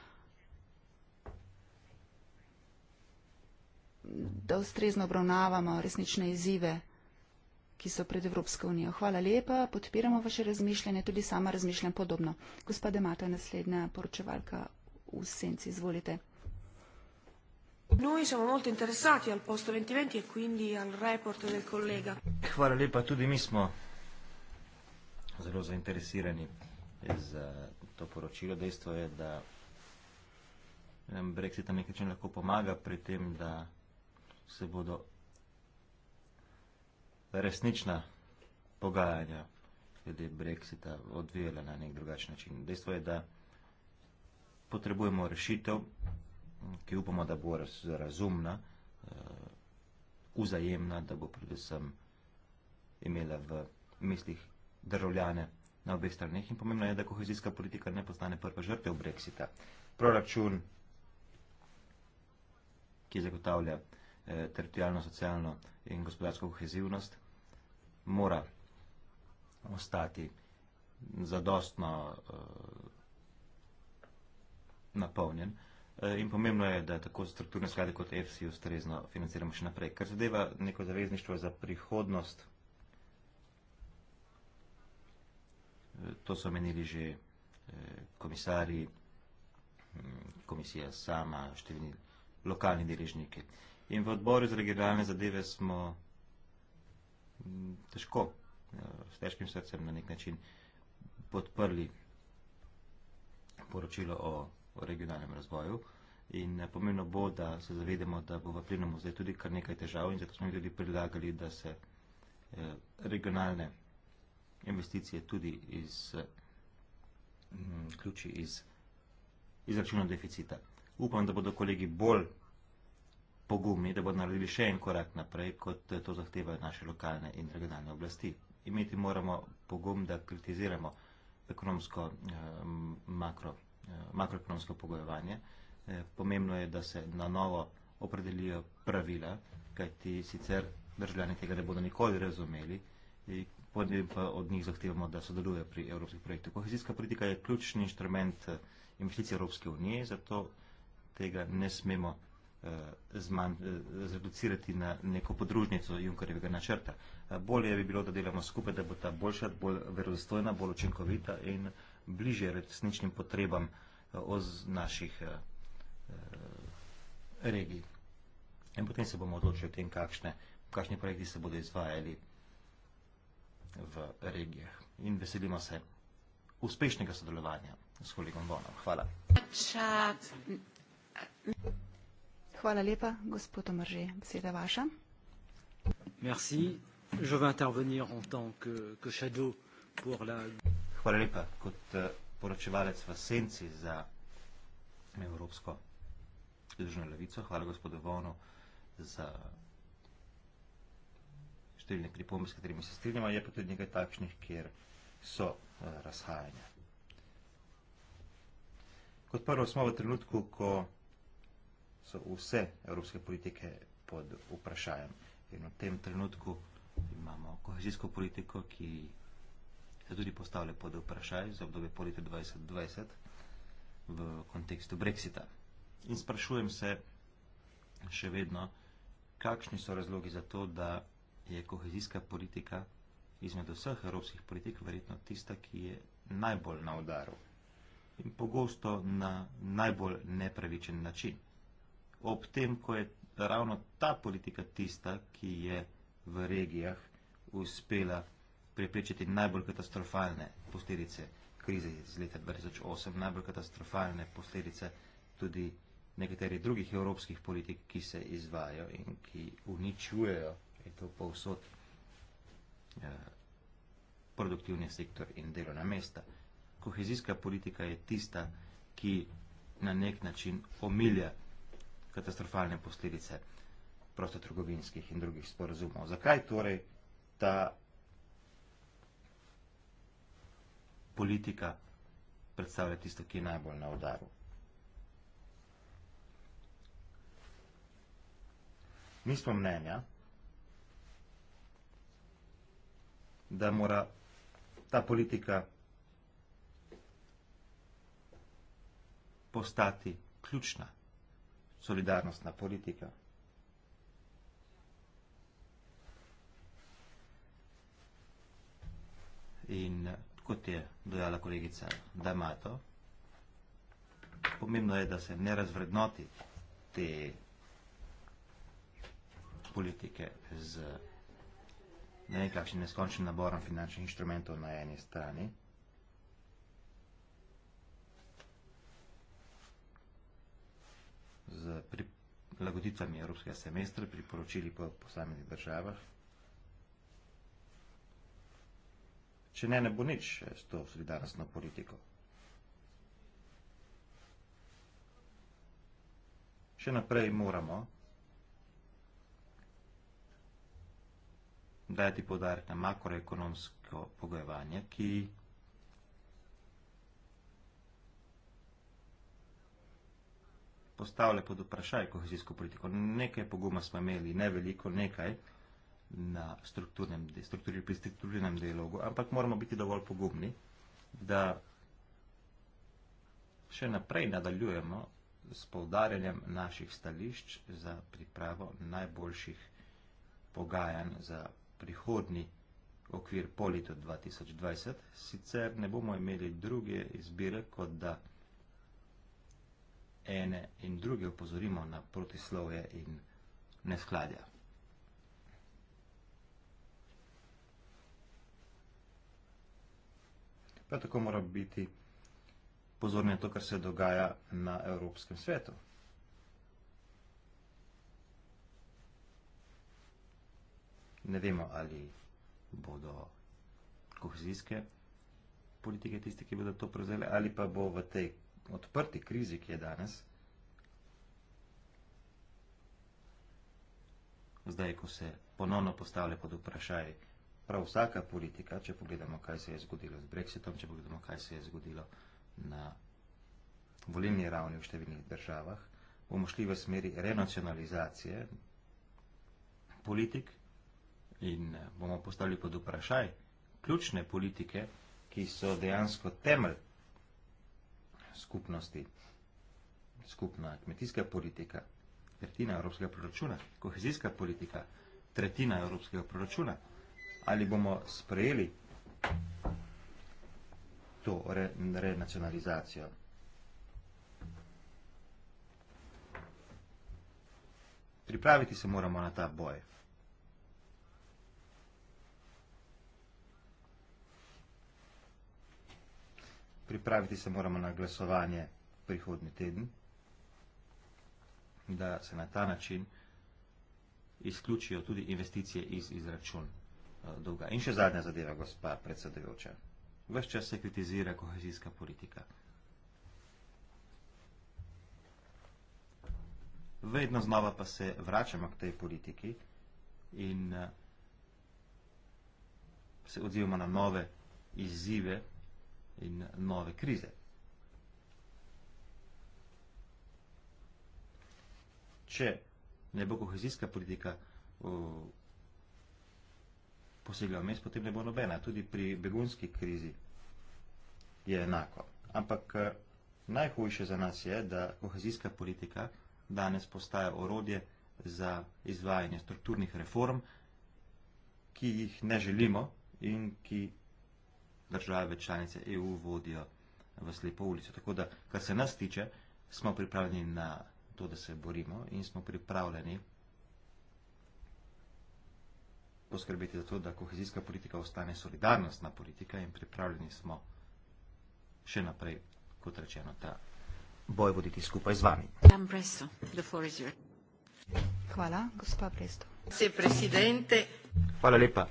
da ustrezno obravnavamo resnične izzive ki so pred Evropsko unijo. Hvala lepa, podpiramo vaše razmišljanje, tudi sama razmišljam podobno. Gospa Demata, naslednja poročevalka v senci, izvolite. E Hvala lepa, tudi mi smo zelo zainteresirani za to poročilo. Dejstvo je, da Brexit nam nekaj čem lahko pomaga pri tem, da se bodo resnična pogajanja glede Brexita odvijala na nek drugačen način. Dejstvo je, da potrebujemo rešitev, ki upamo, da bo razumna, eh, vzajemna, da bo predvsem imela v mislih državljane na obeh straneh in pomembno je, da kohezijska politika ne postane prva žrtev Brexita. Proračun, ki zagotavlja eh, teritorijalno, socialno in gospodarsko kohezivnost, mora ostati zadostno uh, napolnjen. Uh, in pomembno je, da tako strukturne sklade kot EFSI ustrezno financiramo še naprej. Kar zadeva neko zavezništvo za prihodnost, eh, to so menili že uh, komisari, hm, komisija sama, številni lokalni deležniki. In v odboru za regionalne zadeve smo Mm, težko, eh, s težkim srcem na nek način podprli poročilo o, o regionalnem razvoju. In eh, pomembno bo, da se zavedemo, da bo v plenumu zdaj tudi kar nekaj težav in zato smo mi tudi predlagali, da se eh, regionalne investicije tudi iz, ključi iz izračuna deficita. Upam, da bodo kolegi bolj pogumi, da bodo naredili še en korak naprej, kot to zahtevajo naše lokalne in regionalne oblasti. Imeti moramo pogum, da kritiziramo ekonomsko, eh, makro, eh, makroekonomsko pogojevanje. Eh, pomembno je, da se na novo opredelijo pravila, kajti sicer državljani tega ne bodo nikoli razumeli, eh, potem pa od njih zahtevamo, da sodelujejo pri evropskih projektih. Kohezijska politika je ključni inštrument eh, investicij Evropske unije, zato tega ne smemo Eh, zman, eh, zreducirati na neko podružnico Junkarjevega načrta. Eh, bolje bi bilo, da delamo skupaj, da bo ta boljša, bolj verodostojna, bolj učinkovita in bliže resničnim potrebam oz naših regij. In potem se bomo odločili o tem, kakšne, kakšne projekti se bodo izvajali v regijah. In veselimo se uspešnega sodelovanja s kolegom Bonom. Hvala. Čak. Hvala lepa. Gospod Omrže, beseda vaša. Merci. Je vais intervenir en tant que, que shadow pour la... Hvala lepa. Kot eh, poročevalec v senci za Evropsko združeno levico. Hvala gospodu Vonu za številne pripombe, s katerimi se strinjamo. Je pa tudi nekaj takšnih, kjer so eh, razhajanja. Kot prvo smo v trenutku, ko so vse evropske politike pod vprašanjem. In v tem trenutku imamo kohezijsko politiko, ki se tudi postavlja pod vprašanje za obdobje po letu 2020 v kontekstu Brexita. In sprašujem se še vedno, kakšni so razlogi za to, da je kohezijska politika izmed vseh evropskih politik verjetno tista, ki je najbolj na udaru in pogosto na najbolj nepravičen način ob tem, ko je ravno ta politika tista, ki je v regijah uspela preprečiti najbolj katastrofalne posledice krize iz leta 2008, najbolj katastrofalne posledice tudi nekaterih drugih evropskih politik, ki se izvajajo in ki uničujejo, je to povsod, eh, produktivni sektor in delovna mesta. Kohezijska politika je tista, ki na nek način omilja katastrofalne posledice prostotrgovinskih in drugih sporazumov. Zakaj torej ta politika predstavlja tisto, ki je najbolj na udaru? Mi smo mnenja, da mora ta politika postati ključna solidarnostna politika. In kot je dojala kolegica D'Amato, pomembno je, da se ne razvrednoti te politike z ne vem kakšnim neskončnim naborom finančnih inštrumentov na eni strani, z prilagoditvami evropskega semestra, priporočili po posameznih državah. Če ne, ne bo nič s to solidarnostno politiko. Še naprej moramo dajati podarek na makroekonomsko pogojevanje, ki postavile pod vprašaj kohezijsko politiko. Nekaj poguma smo imeli, ne veliko, nekaj na strukturnem, strukturi, pri strukturnem dialogu, ampak moramo biti dovolj pogumni, da še naprej nadaljujemo s poudarjanjem naših stališč za pripravo najboljših pogajanj za prihodni okvir po letu 2020. Sicer ne bomo imeli druge izbire, kot da ene in druge upozorimo na protislovje in neskladja. Prav tako mora biti pozorni na to, kar se dogaja na Evropskem svetu. Ne vemo, ali bodo kohezijske politike tiste, ki bodo to prevzeli, ali pa bo v tej odprti krizi, ki je danes, zdaj, ko se ponovno postavlja pod vprašaj prav vsaka politika, če pogledamo, kaj se je zgodilo z Brexitom, če pogledamo, kaj se je zgodilo na volilni ravni v številnih državah, bomo šli v smeri renacionalizacije politik in eh, bomo postavili pod vprašaj ključne politike, ki so dejansko temelj skupnosti, skupna kmetijska politika, tretjina evropskega proračuna, kohezijska politika, tretjina evropskega proračuna, ali bomo sprejeli to re, renacionalizacijo. Pripraviti se moramo na ta boj. pripraviti se moramo na glasovanje prihodni teden, da se na ta način izključijo tudi investicije iz izračun eh, dolga. In še zadnja zadeva, gospa predsedujoča. Ves čas se kritizira kohezijska politika. Vedno znova pa se vračamo k tej politiki in eh, se odzivamo na nove izzive, in nove krize. Če ne bo kohezijska politika uh, posegla vmes, potem ne bo nobena. Tudi pri begunski krizi je enako. Ampak uh, najhujše za nas je, da kohezijska politika danes postaja orodje za izvajanje strukturnih reform, ki jih ne želimo in ki države članice EU vodijo v slepo ulico. Tako da, kar se nas tiče, smo pripravljeni na to, da se borimo in smo pripravljeni poskrbeti za to, da kohezijska politika ostane solidarnostna politika in pripravljeni smo še naprej, kot rečeno, ta boj voditi skupaj z vami. Hvala, gospa Presto. Hvala lepa,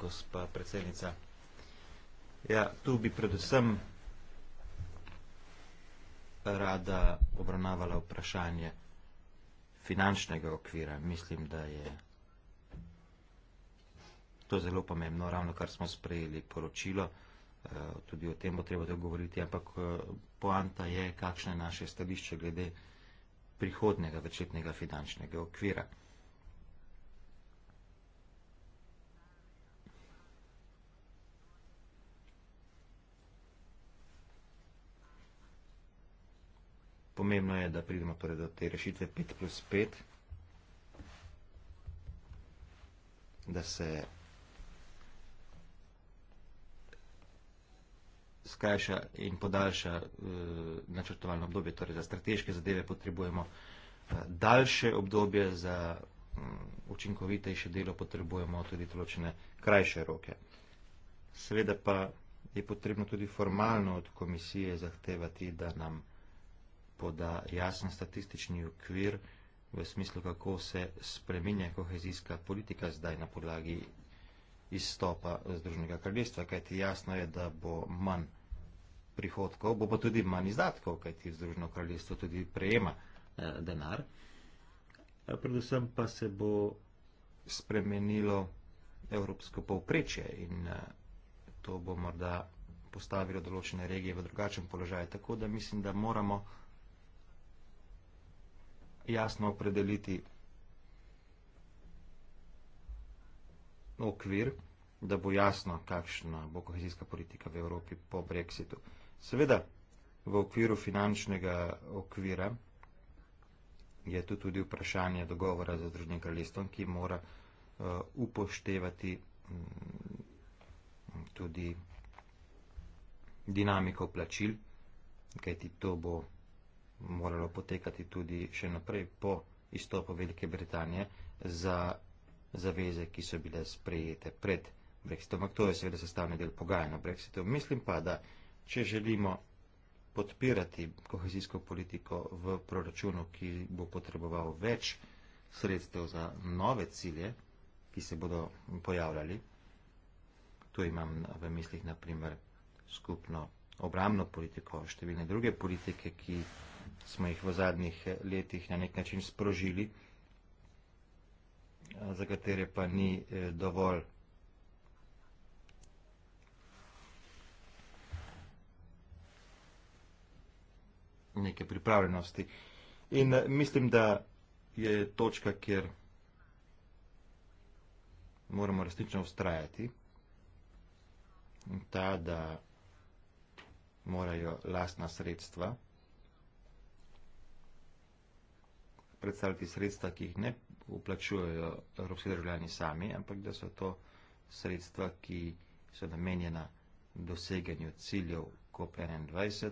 gospa predsednica. Ja, tu bi predvsem rada obravnavala vprašanje finančnega okvira. Mislim, da je to zelo pomembno, ravno kar smo sprejeli poročilo, eh, tudi o tem bo treba dogovoriti, ampak eh, poanta je, kakšno je naše stališče glede prihodnega večetnega finančnega okvira. Pomembno je, da pridemo torej do te rešitve 5 plus 5, da se skrajša in podaljša uh, načrtovalno obdobje. Torej, za strateške zadeve potrebujemo uh, daljše obdobje, za um, učinkovitejše delo potrebujemo tudi določene krajše roke. Seveda pa je potrebno tudi formalno od komisije zahtevati, da nam poda jasen statistični okvir v smislu, kako se spreminja kohezijska politika zdaj na podlagi izstopa Združnega kraljestva, kajti jasno je, da bo manj prihodkov, bo pa tudi manj izdatkov, kajti Združno kraljestvo tudi prejema eh, denar. Eh, predvsem pa se bo spremenilo evropsko povprečje in eh, to bo morda postavilo določene regije v drugačen položaj, tako da mislim, da moramo jasno opredeliti okvir, da bo jasno, kakšna bo kohezijska politika v Evropi po Brexitu. Seveda, v okviru finančnega okvira je tu tudi vprašanje dogovora z Združenim kraljestvom, ki mora uh, upoštevati m, mm, tudi dinamiko plačil, kajti to bo moralo potekati tudi še naprej po izstopu Velike Britanije za zaveze, ki so bile sprejete pred Brexitom. Ampak to je seveda sestavni del pogajanja o Brexitu. Mislim pa, da če želimo podpirati kohezijsko politiko v proračunu, ki bo potreboval več sredstev za nove cilje, ki se bodo pojavljali, tu imam v mislih naprimer skupno obramno politiko, številne druge politike, ki smo jih v zadnjih eh, letih na nek način sprožili, eh, za katere pa ni eh, dovolj. neke pripravljenosti. In mislim, da je točka, kjer moramo resnično ustrajati ta, da morajo lastna sredstva predstavljati sredstva, ki jih ne uplačujejo evropski državljani sami, ampak da so to sredstva, ki so namenjena doseganju ciljev COP21,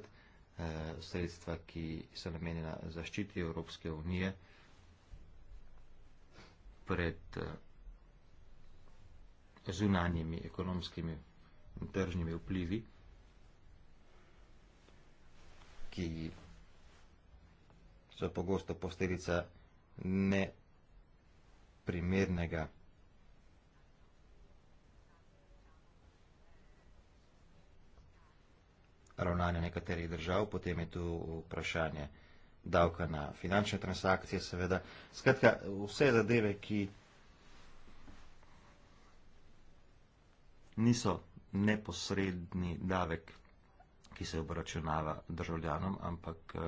eh, sredstva, ki so namenjena zaščiti Evropske unije pred eh, zunanjimi ekonomskimi tržnimi vplivi, ki so pogosto posledica neprimernega ravnanja nekaterih držav, potem je tu vprašanje davka na finančne transakcije, seveda. Skratka, vse zadeve, ki niso neposredni davek, ki se obračunava državljanom, ampak uh,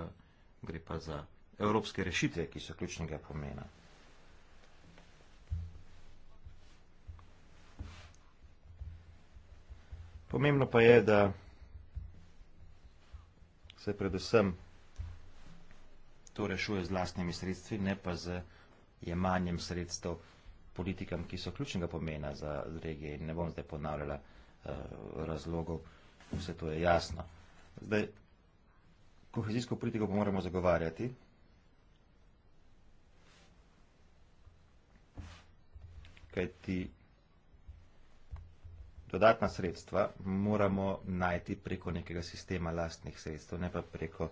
gre pa za evropske rešitve, ki so ključnega pomena. Pomembno pa je, da se predvsem to rešuje z vlastnimi sredstvi, ne pa z jemanjem sredstev politikam, ki so ključnega pomena za regije. Ne bom zdaj ponavljala uh, razlogov, vse to je jasno. Zdaj, kohezijsko politiko pa moramo zagovarjati, kajti dodatna sredstva moramo najti preko nekega sistema lastnih sredstev, ne pa preko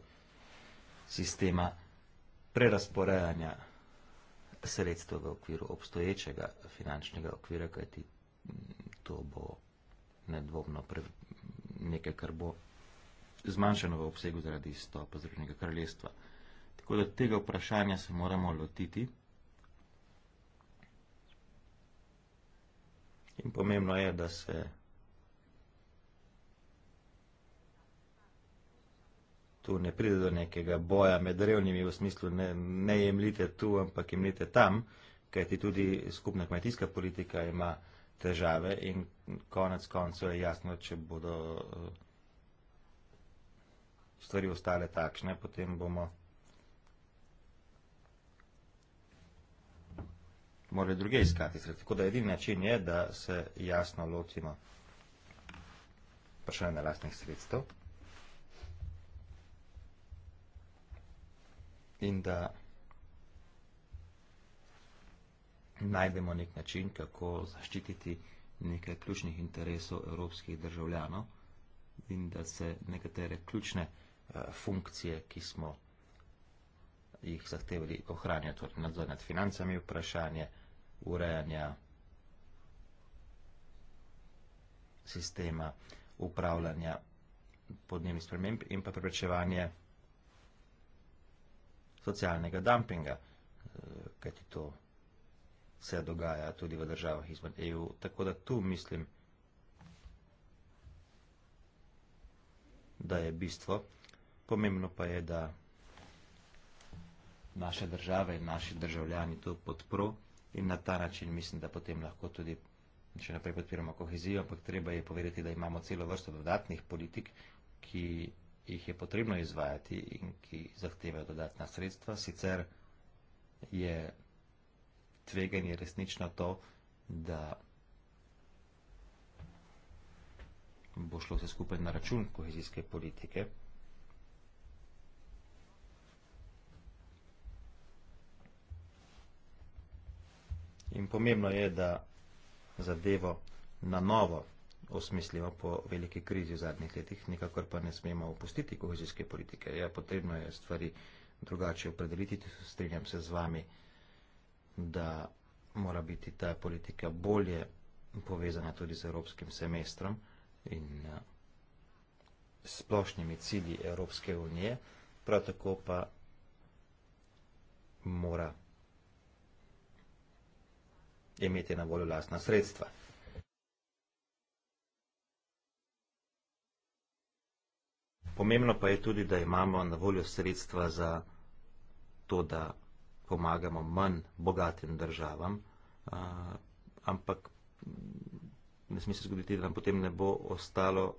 sistema prerasporejanja sredstev v okviru obstoječega finančnega okvira, kajti to bo nedvomno nekaj, kar bo zmanjšeno v obsegu zaradi izstopa Združenega kraljestva. Tako da tega vprašanja se moramo lotiti. In pomembno je, da se tu ne pride do nekega boja med revnimi v smislu ne, ne jemljite tu, ampak jemljite tam, kajti tudi skupna kmetijska politika ima težave in konec koncev je jasno, če bodo eh, stvari ostale takšne, potem bomo. morali druge iskati. Tako da edini način je, da se jasno lotimo vprašanja lastnih sredstev in da najdemo nek način, kako zaščititi nekaj ključnih interesov evropskih državljanov in da se nekatere ključne eh, funkcije, ki smo jih zahtevali ohranjati torej nadzor nad financami, vprašanje vprašanja, urejanja sistema upravljanja podnebnih sprememb in pa preprečevanje socialnega dumpinga, eh, kajti to se dogaja tudi v državah izmed EU. Tako da tu mislim, da je bistvo. Pomembno pa je, da naše države in naši državljani to podprl in na ta način mislim, da potem lahko tudi še naprej podpiramo kohezijo, ampak treba je povedati, da imamo celo vrsto dodatnih politik, ki jih je potrebno izvajati in ki zahtevajo dodatna sredstva. Sicer je tveganje resnično to, da bo šlo vse skupaj na račun kohezijske politike. In pomembno je, da zadevo na novo osmislimo po veliki krizi v zadnjih letih, nikakor pa ne smemo opustiti kohezijske politike. Ja, potrebno je stvari drugače opredeliti, strinjam se z vami, da mora biti ta politika bolje povezana tudi z evropskim semestrom in eh, splošnimi cilji Evropske unije, prav tako pa mora imeti na voljo lastna sredstva. Pomembno pa je tudi, da imamo na voljo sredstva za to, da pomagamo manj bogatim državam, uh, ampak ne smije se zgoditi, da nam potem ne bo ostalo,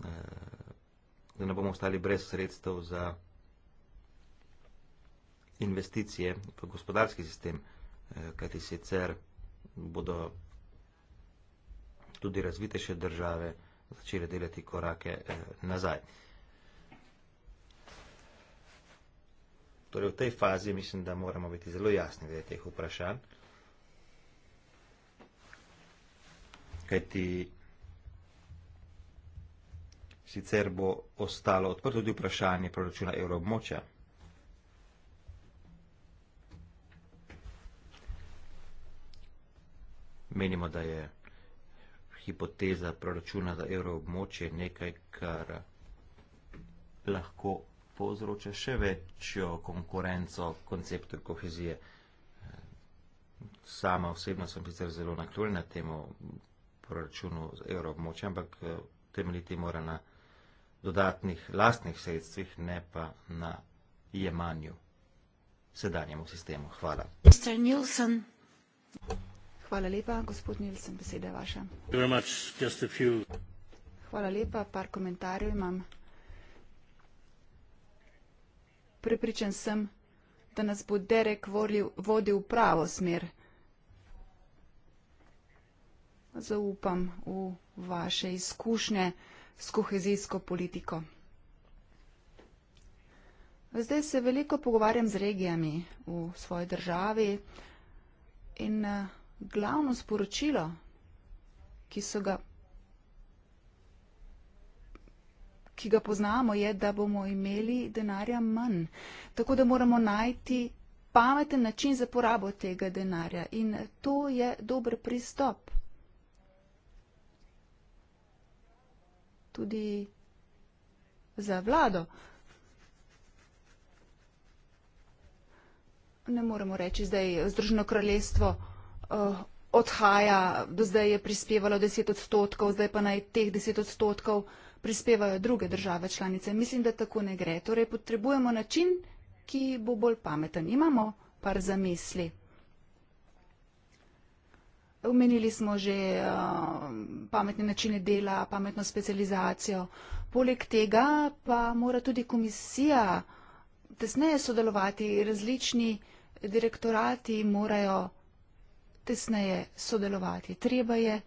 uh, da ne bomo ostali brez sredstev za investicije v gospodarski sistem, uh, kajti sicer bodo tudi razvitejše države začele delati korake eh, nazaj. Torej v tej fazi mislim, da moramo biti zelo jasni glede teh vprašanj, kajti sicer bo ostalo odprto tudi vprašanje proračuna evroobmočja. Menimo, da je hipoteza proračuna za evroobmočje nekaj, kar lahko povzroča še večjo konkurenco konceptu kohezije. Sama osebno sem sicer zelo naklonjena temu proračunu za evroobmočje, ampak eh, temeljiti mora na dodatnih lastnih sredstvih, ne pa na jemanju sedanjemu sistemu. Hvala. Mr. Nielsen. Hvala lepa, gospod Nilsen, beseda je vaša. Hvala lepa, par komentarjev imam. Prepričan sem, da nas bo Derek vodil v pravo smer. Zaupam v vaše izkušnje s kohezijsko politiko. Zdaj se veliko pogovarjam z regijami v svoji državi in eh, glavno sporočilo, ki so ga, ki ga poznamo, je, da bomo imeli denarja manj. Tako da moramo najti pameten način za porabo tega denarja in to je dober pristop. Tudi za vlado. Ne moremo reči, da je Združeno kraljestvo uh, odhaja, do zdaj je prispevalo 10 odstotkov, zdaj pa naj teh 10 odstotkov prispevajo druge države članice. Mislim, da tako ne gre. Torej potrebujemo način, ki bo bolj pameten. Imamo par zamisli. Umenili smo že uh, pametne načine dela, pametno specializacijo. Poleg tega pa mora tudi komisija tesneje sodelovati. Različni direktorati morajo tesneje sodelovati. Treba je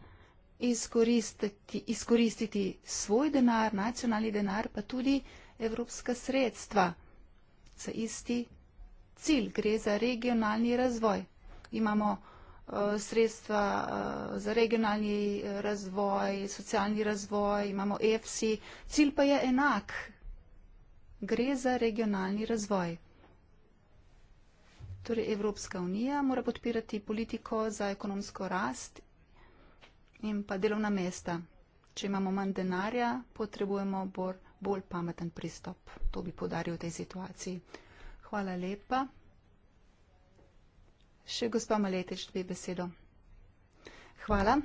izkoristiti, izkoristiti svoj denar, nacionalni denar, pa tudi evropska sredstva za isti cilj. Gre za regionalni razvoj. Imamo uh, sredstva uh, za regionalni eh, razvoj, socialni razvoj, imamo EFSI. Cilj pa je enak. Gre za regionalni razvoj. Torej Evropska unija mora podpirati politiko za ekonomsko rast in pa delovna mesta. Če imamo manj denarja, potrebujemo bolj, bolj pameten pristop. To bi podaril v tej situaciji. Hvala lepa. Še gospa Maletič, dve besedo. Hvala. Hvala.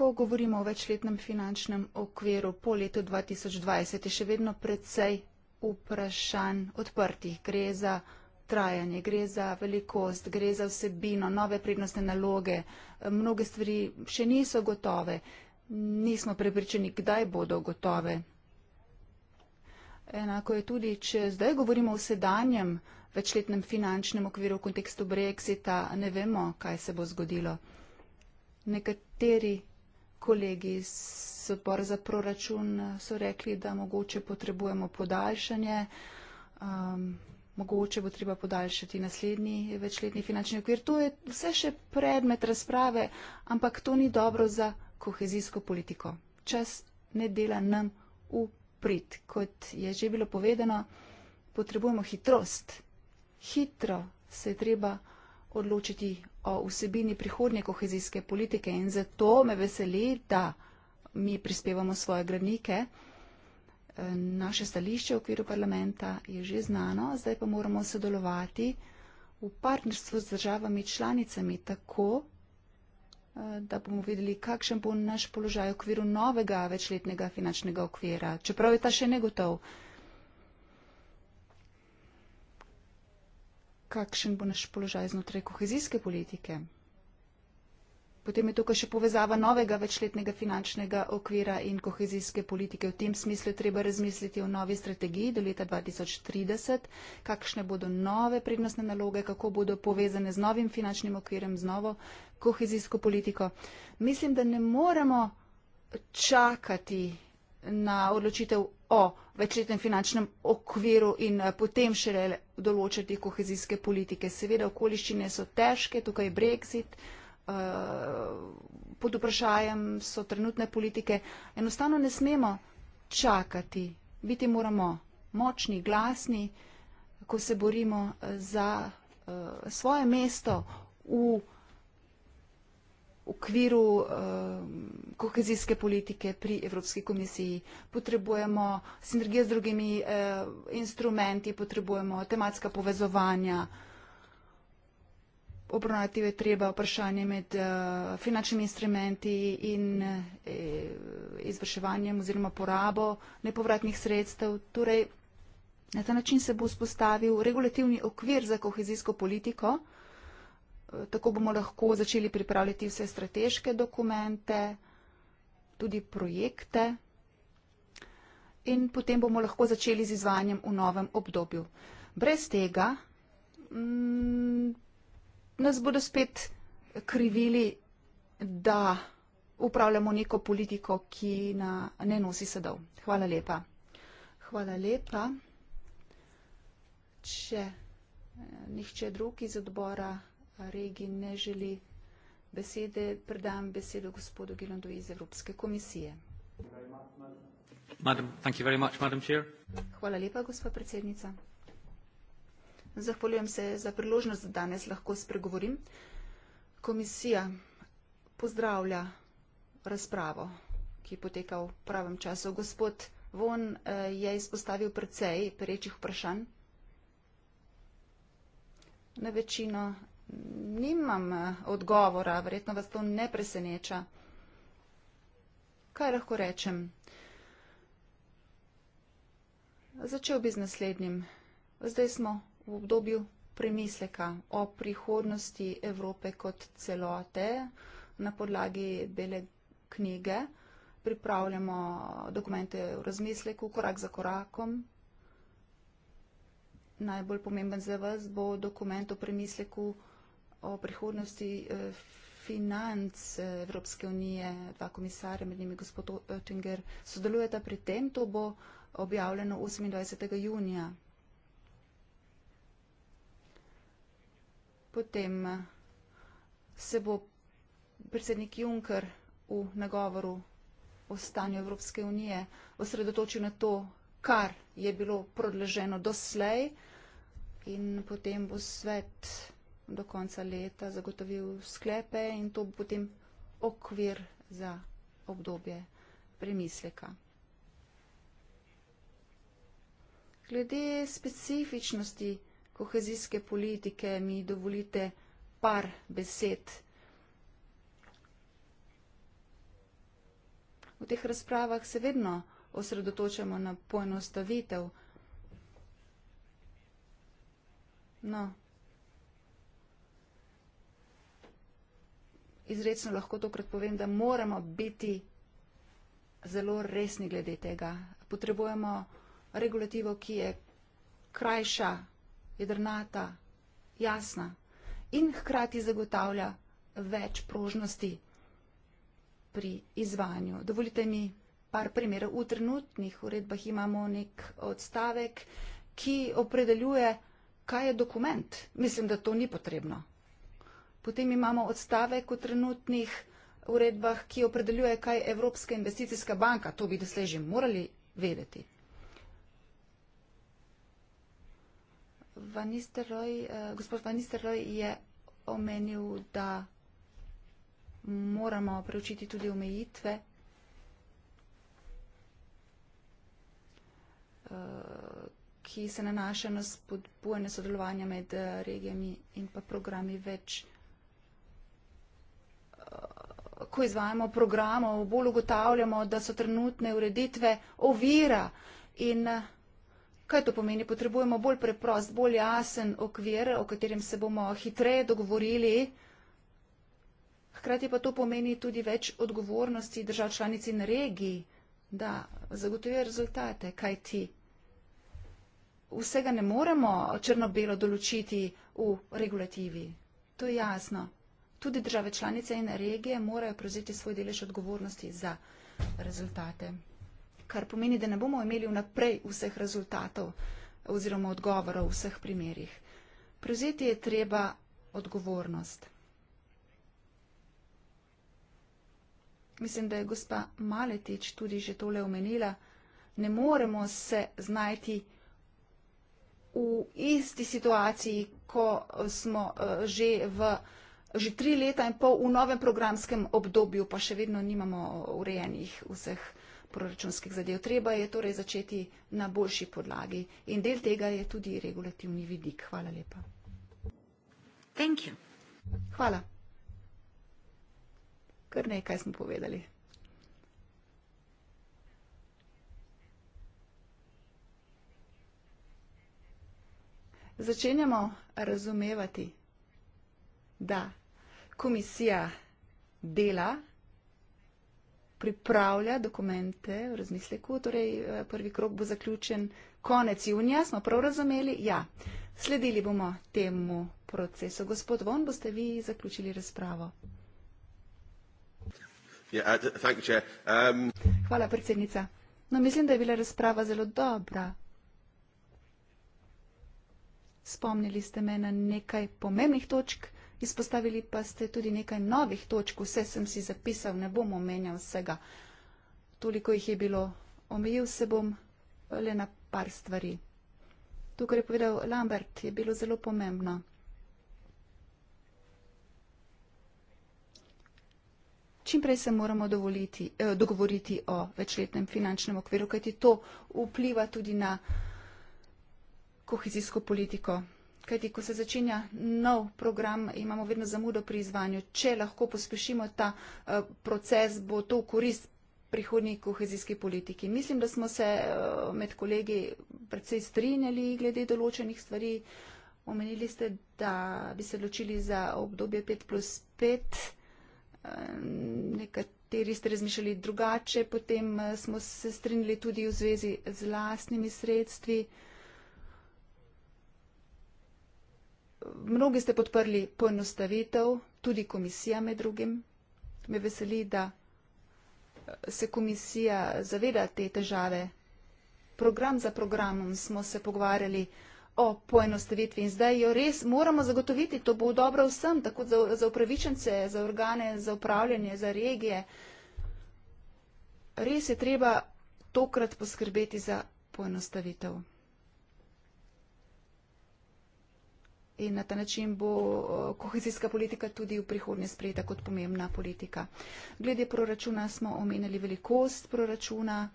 ko govorimo o večletnem finančnem okviru po letu 2020, je še vedno precej vprašanj odprtih. Gre za trajanje, gre za velikost, gre za vsebino, nove prednostne naloge. Mnoge stvari še niso gotove, nismo prepričani, kdaj bodo gotove. Enako je tudi, če zdaj govorimo o sedanjem večletnem finančnem okviru v kontekstu Brexita, ne vemo, kaj se bo zgodilo. Nekateri kolegi iz odbora za proračun eh, so rekli, da mogoče potrebujemo podaljšanje. Um, mogoče bo treba podaljšati naslednji večletni finančni okvir. To je vse še predmet razprave, ampak to ni dobro za kohezijsko politiko. Čas ne dela nam v prid. Kot je že bilo povedano, potrebujemo hitrost. Hitro se je treba odločiti o vsebini prihodnje kohezijske politike in zato me veseli, da mi prispevamo svoje granike. E, naše stališče v okviru parlamenta je že znano, zdaj pa moramo sodelovati v partnerstvu z državami članicami tako, e, da bomo videli, kakšen bo naš položaj v okviru novega večletnega finančnega okvira, čeprav je ta še negotov. kakšen bo naš položaj znotraj kohezijske politike. Potem je tukaj še povezava novega večletnega finančnega okvira in kohezijske politike. V tem smislu je treba razmisliti o novi strategiji do leta 2030, kakšne bodo nove prednostne naloge, kako bodo povezane z novim finančnim okvirem, z novo kohezijsko politiko. Mislim, da ne moremo čakati na odločitev o večletnem finančnem okviru in eh, potem še določati kohezijske politike. Seveda okoliščine so težke, tukaj je brexit, eh, pod vprašajem so trenutne politike. Enostavno ne smemo čakati, biti moramo močni, glasni, ko se borimo za eh, svoje mesto v v okviru eh, kohezijske politike pri Evropski komisiji. Potrebujemo sinergije z drugimi eh, instrumenti, potrebujemo tematska povezovanja. Obravnati je treba vprašanje med eh, finančnimi instrumenti in eh, izvrševanjem oziroma porabo nepovratnih sredstev. Torej, na ta način se bo spostavil regulativni okvir za kohezijsko politiko tako bomo lahko začeli pripravljati vse strateške dokumente, tudi projekte in potem bomo lahko začeli z izvanjem v novem obdobju. Brez tega mm, nas bodo spet krivili, da upravljamo neko politiko, ki na, ne nosi sedov. Hvala lepa. Hvala lepa. Če eh, nihče drugi iz odbora regij ne želi besede, predam besedo gospodu Gilandu iz Evropske komisije. Madam, thank you very much, Madam Chair. Hvala lepa, gospod predsednica. Zahvaljujem se za priložnost, da danes lahko spregovorim. Komisija pozdravlja razpravo, ki poteka v pravem času. Gospod Von eh, je izpostavil precej perečih vprašanj. Na večino Nimam eh, odgovora, verjetno vas to ne preseneča. Kaj lahko rečem? Začel bi z naslednjim. Zdaj smo v obdobju premisleka o prihodnosti Evrope kot celote na podlagi bele knjige. Pripravljamo dokumente v razmisleku, korak za korakom. Najbolj pomemben za vas bo dokument o premisleku o prihodnosti eh, financ eh, Evropske unije, dva komisarja, med njimi gospod Oettinger, sodelujeta pri tem. To bo objavljeno 28. junija. Potem eh, se bo predsednik Juncker v nagovoru o stanju Evropske unije osredotočil na to, kar je bilo prodleženo doslej in potem bo svet do konca leta zagotovil sklepe in to bo potem okvir za obdobje premisleka. Glede specifičnosti kohezijske politike mi dovolite par besed. V teh razpravah se vedno osredotočamo na poenostavitev. No, izrecno lahko tokrat povem, da moramo biti zelo resni glede tega. Potrebujemo regulativo, ki je krajša, jedrnata, jasna in hkrati zagotavlja več prožnosti pri izvanju. Dovolite mi par primerov. V trenutnih uredbah imamo nek odstavek, ki opredeljuje, kaj je dokument. Mislim, da to ni potrebno. Potem imamo odstavek v trenutnih uredbah, ki opredeljuje, kaj je Evropska investicijska banka. To bi doslej že morali vedeti. Vanisteroj, eh, gospod Vanisteroj je omenil, da moramo preučiti tudi omejitve. Eh, ki se nanaša na spodbujanje sodelovanja med eh, regijami in pa programi več ko izvajamo programov, bolj ugotavljamo, da so trenutne ureditve ovira in eh, kaj to pomeni? Potrebujemo bolj preprost, bolj jasen okvir, o katerem se bomo hitreje dogovorili. Hkrati pa to pomeni tudi več odgovornosti držav članic in regij, da zagotovijo rezultate, kaj ti. Vsega ne moremo črno-belo določiti v regulativi. To je jasno tudi države članice in regije morajo prevzeti svoj delež odgovornosti za rezultate. Kar pomeni, da ne bomo imeli vnaprej vseh rezultatov oziroma odgovorov v vseh primerjih. Prevzeti je treba odgovornost. Mislim, da je gospa Maletič tudi že tole omenila, ne moremo se znajti v isti situaciji, ko smo eh, že v že tri leta in pol v novem programskem obdobju, pa še vedno nimamo urejenih vseh proračunskih zadev. Treba je torej začeti na boljši podlagi in del tega je tudi regulativni vidik. Hvala lepa. Thank you. Hvala. Kar nekaj smo povedali. Začenjamo razumevati, da komisija dela, pripravlja dokumente v razmisleku, torej eh, prvi krok bo zaključen konec junija, smo prav razumeli? Ja, sledili bomo temu procesu. Gospod Von, boste vi zaključili razpravo? Uh, um, Hvala, predsednica. No, mislim, da je bila razprava zelo dobra. Spomnili ste me na nekaj pomembnih točk, ki je bilo. Izpostavili pa ste tudi nekaj novih točk, vse sem si zapisal, ne bom omenjal vsega. Toliko jih je bilo, omejil se bom eh, le na par stvari. To, kar je povedal Lambert, je bilo zelo pomembno. Čim prej se moramo dovoliti, eh, dogovoriti o večletnem finančnem okviru, kajti to vpliva tudi na kohezijsko politiko. Kajti, ko se začenja nov program, imamo vedno zamudo pri izvanju. Če lahko pospešimo ta eh, proces, bo to v korist prihodnji kohezijski politiki. Mislim, da smo se eh, med kolegi predvsej strinjali glede določenih stvari. Omenili ste, da bi se ločili za obdobje 5 plus 5. Eh, nekateri ste razmišljali drugače, potem smo se strinjali tudi v zvezi z lastnimi sredstvi. mnogi ste podprli poenostavitev, tudi komisija med drugim. Me veseli, da eh, se komisija zaveda te težave. Program za programom smo se pogovarjali o poenostavitvi in zdaj jo res moramo zagotoviti. To bo dobro vsem, tako za, za upravičence, za organe, za upravljanje, za regije. Res je treba tokrat poskrbeti za poenostavitev. in na ta način bo kohezijska politika tudi v prihodnje sprejeta kot pomembna politika. Glede proračuna smo omenili velikost proračuna,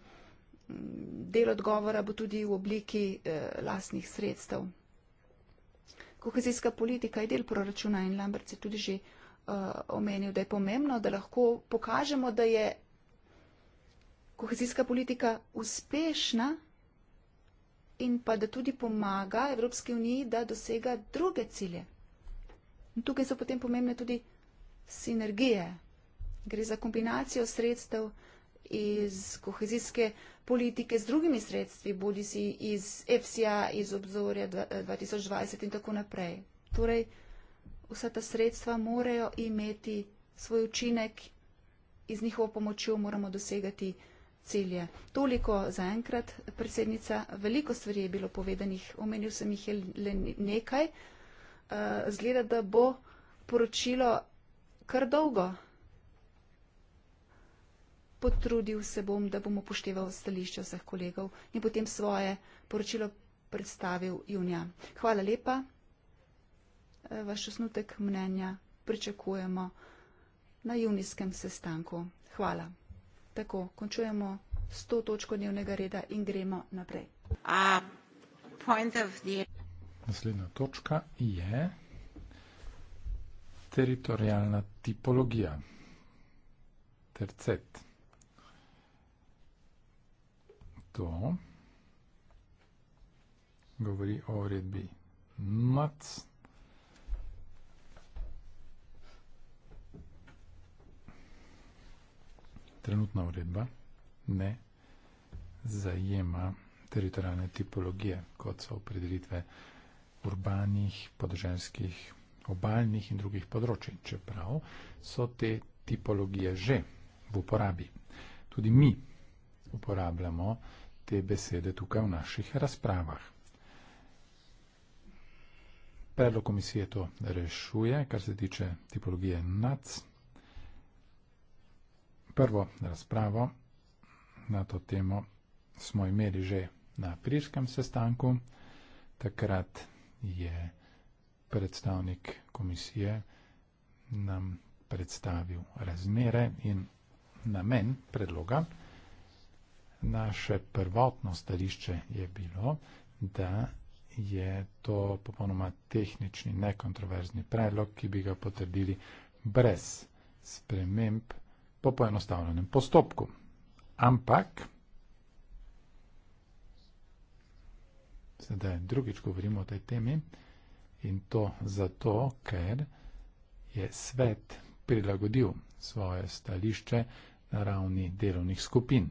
del odgovora bo tudi v obliki e, lastnih sredstev. Kohezijska politika je del proračuna in Lambert se tudi že e, omenil, da je pomembno, da lahko pokažemo, da je kohezijska politika uspešna in pa da tudi pomaga Evropski uniji, da dosega druge cilje. In tukaj so potem pomembne tudi sinergije. Gre za kombinacijo sredstev iz kohezijske politike z drugimi sredstvi, bodi si iz EFSIA, iz obzorja 2020 eh, in tako naprej. Torej, vsa ta sredstva morajo imeti svoj učinek, iz njihovo pomočjo moramo dosegati cilje. Toliko za enkrat, predsednica. Veliko stvari je bilo povedanih, omenil sem jih le nekaj. Eh, zgleda, da bo poročilo kar dolgo. Potrudil se bom, da bom upošteval stališče vseh kolegov in potem svoje poročilo predstavil junija. Hvala lepa. Eh, vaš osnutek mnenja pričakujemo na junijskem sestanku. Hvala. Tako, končujemo s to točko dnevnega reda in gremo naprej. Naslednja točka je teritorijalna tipologija. Tercet. To govori o uredbi MAC trenutna uredba ne zajema teritorijalne tipologije, kot so opredelitve urbanih, podeželskih, obaljnih in drugih področij. Čeprav so te tipologije že v uporabi. Tudi mi uporabljamo te besede tukaj v naših razpravah. Predlog komisije to rešuje, kar se tiče tipologije NAC, Prvo razpravo na to temo smo imeli že na Priškem sestanku. Takrat je predstavnik komisije nam predstavil razmere in namen predloga. Naše prvotno stališče je bilo, da je to popolnoma tehnični, nekontroverzni predlog, ki bi ga potrdili brez sprememb po poenostavljenem postopku. Ampak, sedaj drugič govorimo o tej temi in to zato, ker je svet prilagodil svoje stališče na ravni delovnih skupin.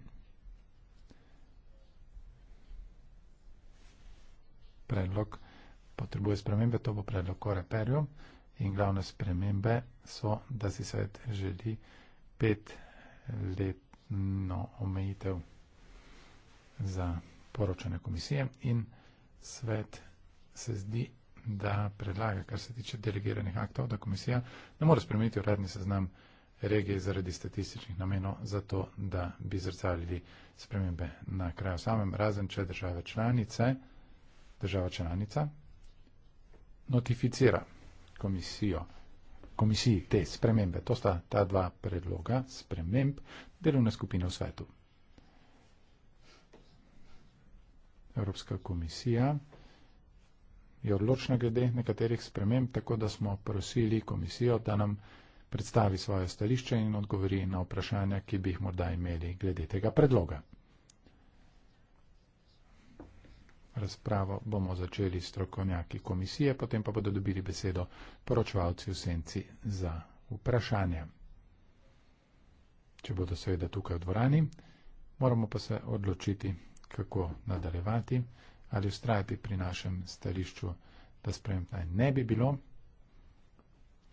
Predlog potrebuje spremembe, to bo predlog o reperju in glavne spremembe so, da si svet želi vsega pet letno omejitev za poročanje komisije in svet se zdi, da predlaga, kar se tiče delegiranih aktov, da komisija ne more spremeniti uradni seznam regije zaradi statističnih namenov, zato da bi zrcalili spremembe na kraju samem, razen če države članice, država članica notificira komisijo komisiji te spremembe. To sta ta dva predloga sprememb delovne skupine v svetu. Evropska komisija je odločna glede nekaterih sprememb, tako da smo prosili komisijo, da nam predstavi svoje stališče in odgovori na vprašanja, ki bi jih morda imeli glede tega predloga. Razpravo bomo začeli s strokovnjaki komisije, potem pa bodo dobili besedo poročevalci v senci za vprašanja. Če bodo seveda tukaj v dvorani, moramo pa se odločiti, kako nadaljevati ali ustrajati pri našem stališču, da sprememb naj ne bi bilo,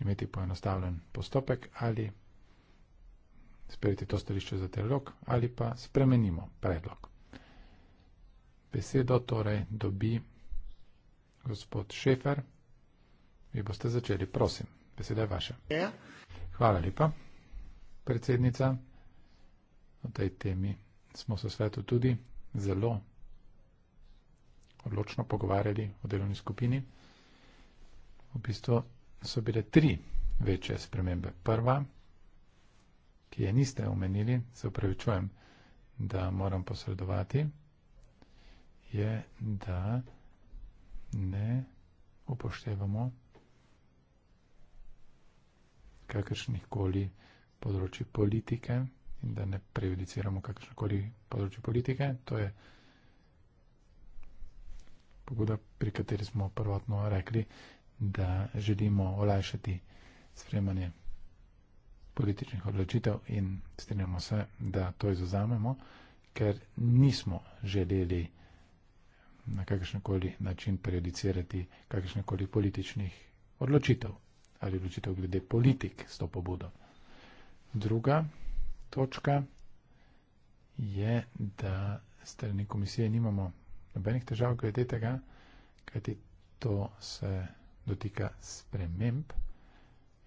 imeti poenostavljen postopek ali sprejeti to stališče za trilog ali pa spremenimo predlog. Besedo torej dobi gospod Šefer. Vi boste začeli, prosim. Beseda je vaša. Hvala lepa, predsednica. O tej temi smo se svetu tudi zelo odločno pogovarjali v delovni skupini. V bistvu so bile tri večje spremembe. Prva, ki je niste omenili, se upravičujem, da moram posredovati je, da ne upoštevamo kakršnih koli področji politike in da ne prejudiciramo kakršnih koli področji politike. To je pogoda, pri kateri smo prvotno rekli, da želimo olajšati spremanje političnih odločitev in strinjamo se, da to izuzamemo, ker nismo želeli na kakršen koli način prejudicirati kakršen koli političnih odločitev ali odločitev glede politik s to pobudo. Druga točka je, da strani komisije nimamo nobenih težav glede tega, kajti to se dotika sprememb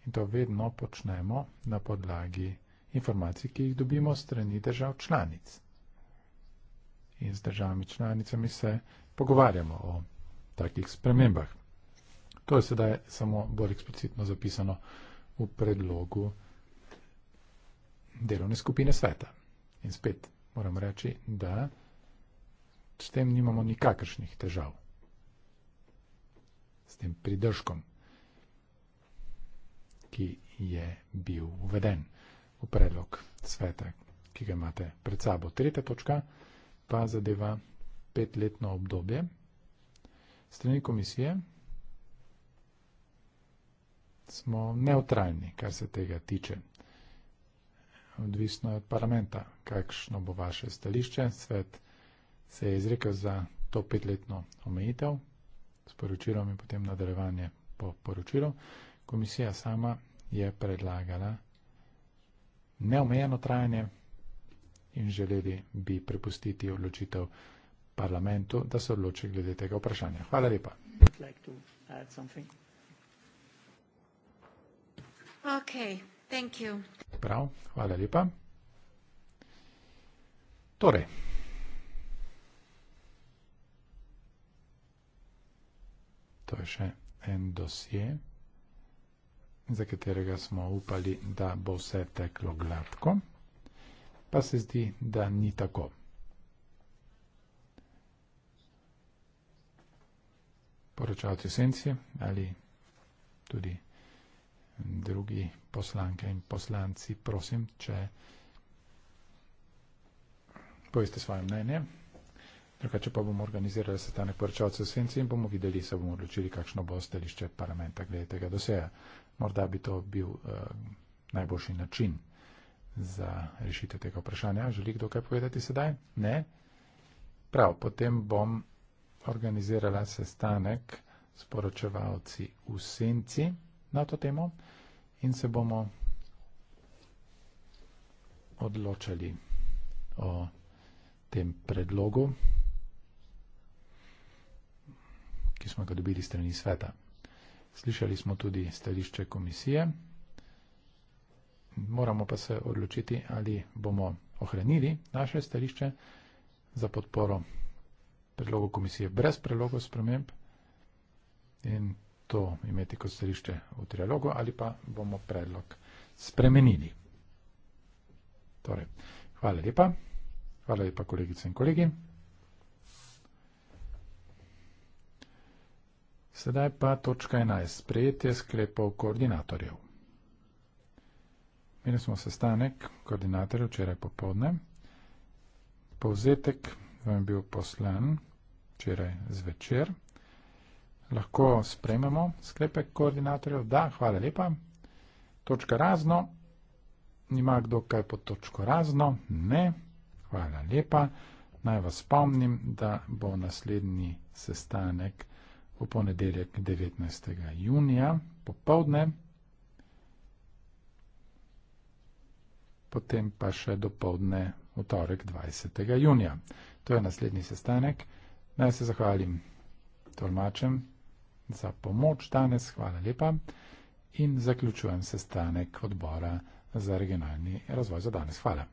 in to vedno počnemo na podlagi informacij, ki jih dobimo strani držav članic. In z državami članicami se pogovarjamo o takih spremembah. To je sedaj samo bolj eksplicitno zapisano v predlogu delovne skupine sveta. In spet moram reči, da s tem nimamo nikakršnih težav, s tem pridržkom, ki je bil uveden v predlog sveta, ki ga imate pred sabo. Tretja točka pa zadeva petletno obdobje strani komisije smo neutralni, kar se tega tiče. Odvisno je od parlamenta, kakšno bo vaše stališče. Svet se je izrekel za to petletno omejitev s poročilom in potem nadaljevanje po poročilu. Komisija sama je predlagala neomejeno trajanje in želeli bi prepustiti odločitev parlamentu, da se odloči glede tega vprašanja. Hvala lepa. Prav, hvala lepa. Torej. To je še en dosje, za katerega smo upali, da bo vse teklo gladko, pa se zdi, da ni tako. poročalci esencije ali tudi drugi poslanke in poslanci, prosim, če poveste svoje mnenje. Drugače pa bomo organizirali sestanek poročalcev esencije in bomo videli, se bomo odločili, kakšno bo stališče parlamenta glede tega doseja. Morda bi to bil uh, najboljši način za rešitev tega vprašanja. Želi kdo kaj povedati sedaj? Ne? Prav, potem bom organizirala sestanek s poročevalci v Senci na to temo in se bomo odločali o tem predlogu, ki smo ga dobili strani sveta. Slišali smo tudi stališče komisije. Moramo pa se odločiti, ali bomo ohranili naše stališče za podporo predlogu komisije brez predlogov sprememb in to imeti kot središče v trialogu ali pa bomo predlog spremenili. Torej, hvala lepa. Hvala lepa kolegice in kolegi. Sedaj pa točka 11. Sprejetje sklepov koordinatorjev. Imeli smo sestanek koordinatorjev včeraj popovdne. Povzetek vam je bil poslan včeraj zvečer. Lahko sprememo sklepe koordinatorjev. Da, hvala lepa. Točka razno. Nima kdo kaj pod točko razno? Ne. Hvala lepa. Naj vas spomnim, da bo naslednji sestanek v ponedeljek 19. junija popovdne. Potem pa še dopovdne v torek 20. junija. To je naslednji sestanek. Naj se zahvalim tolmačem za pomoč danes, hvala lepa. In zaključujem sestanek odbora za regionalni razvoj za danes. Hvala.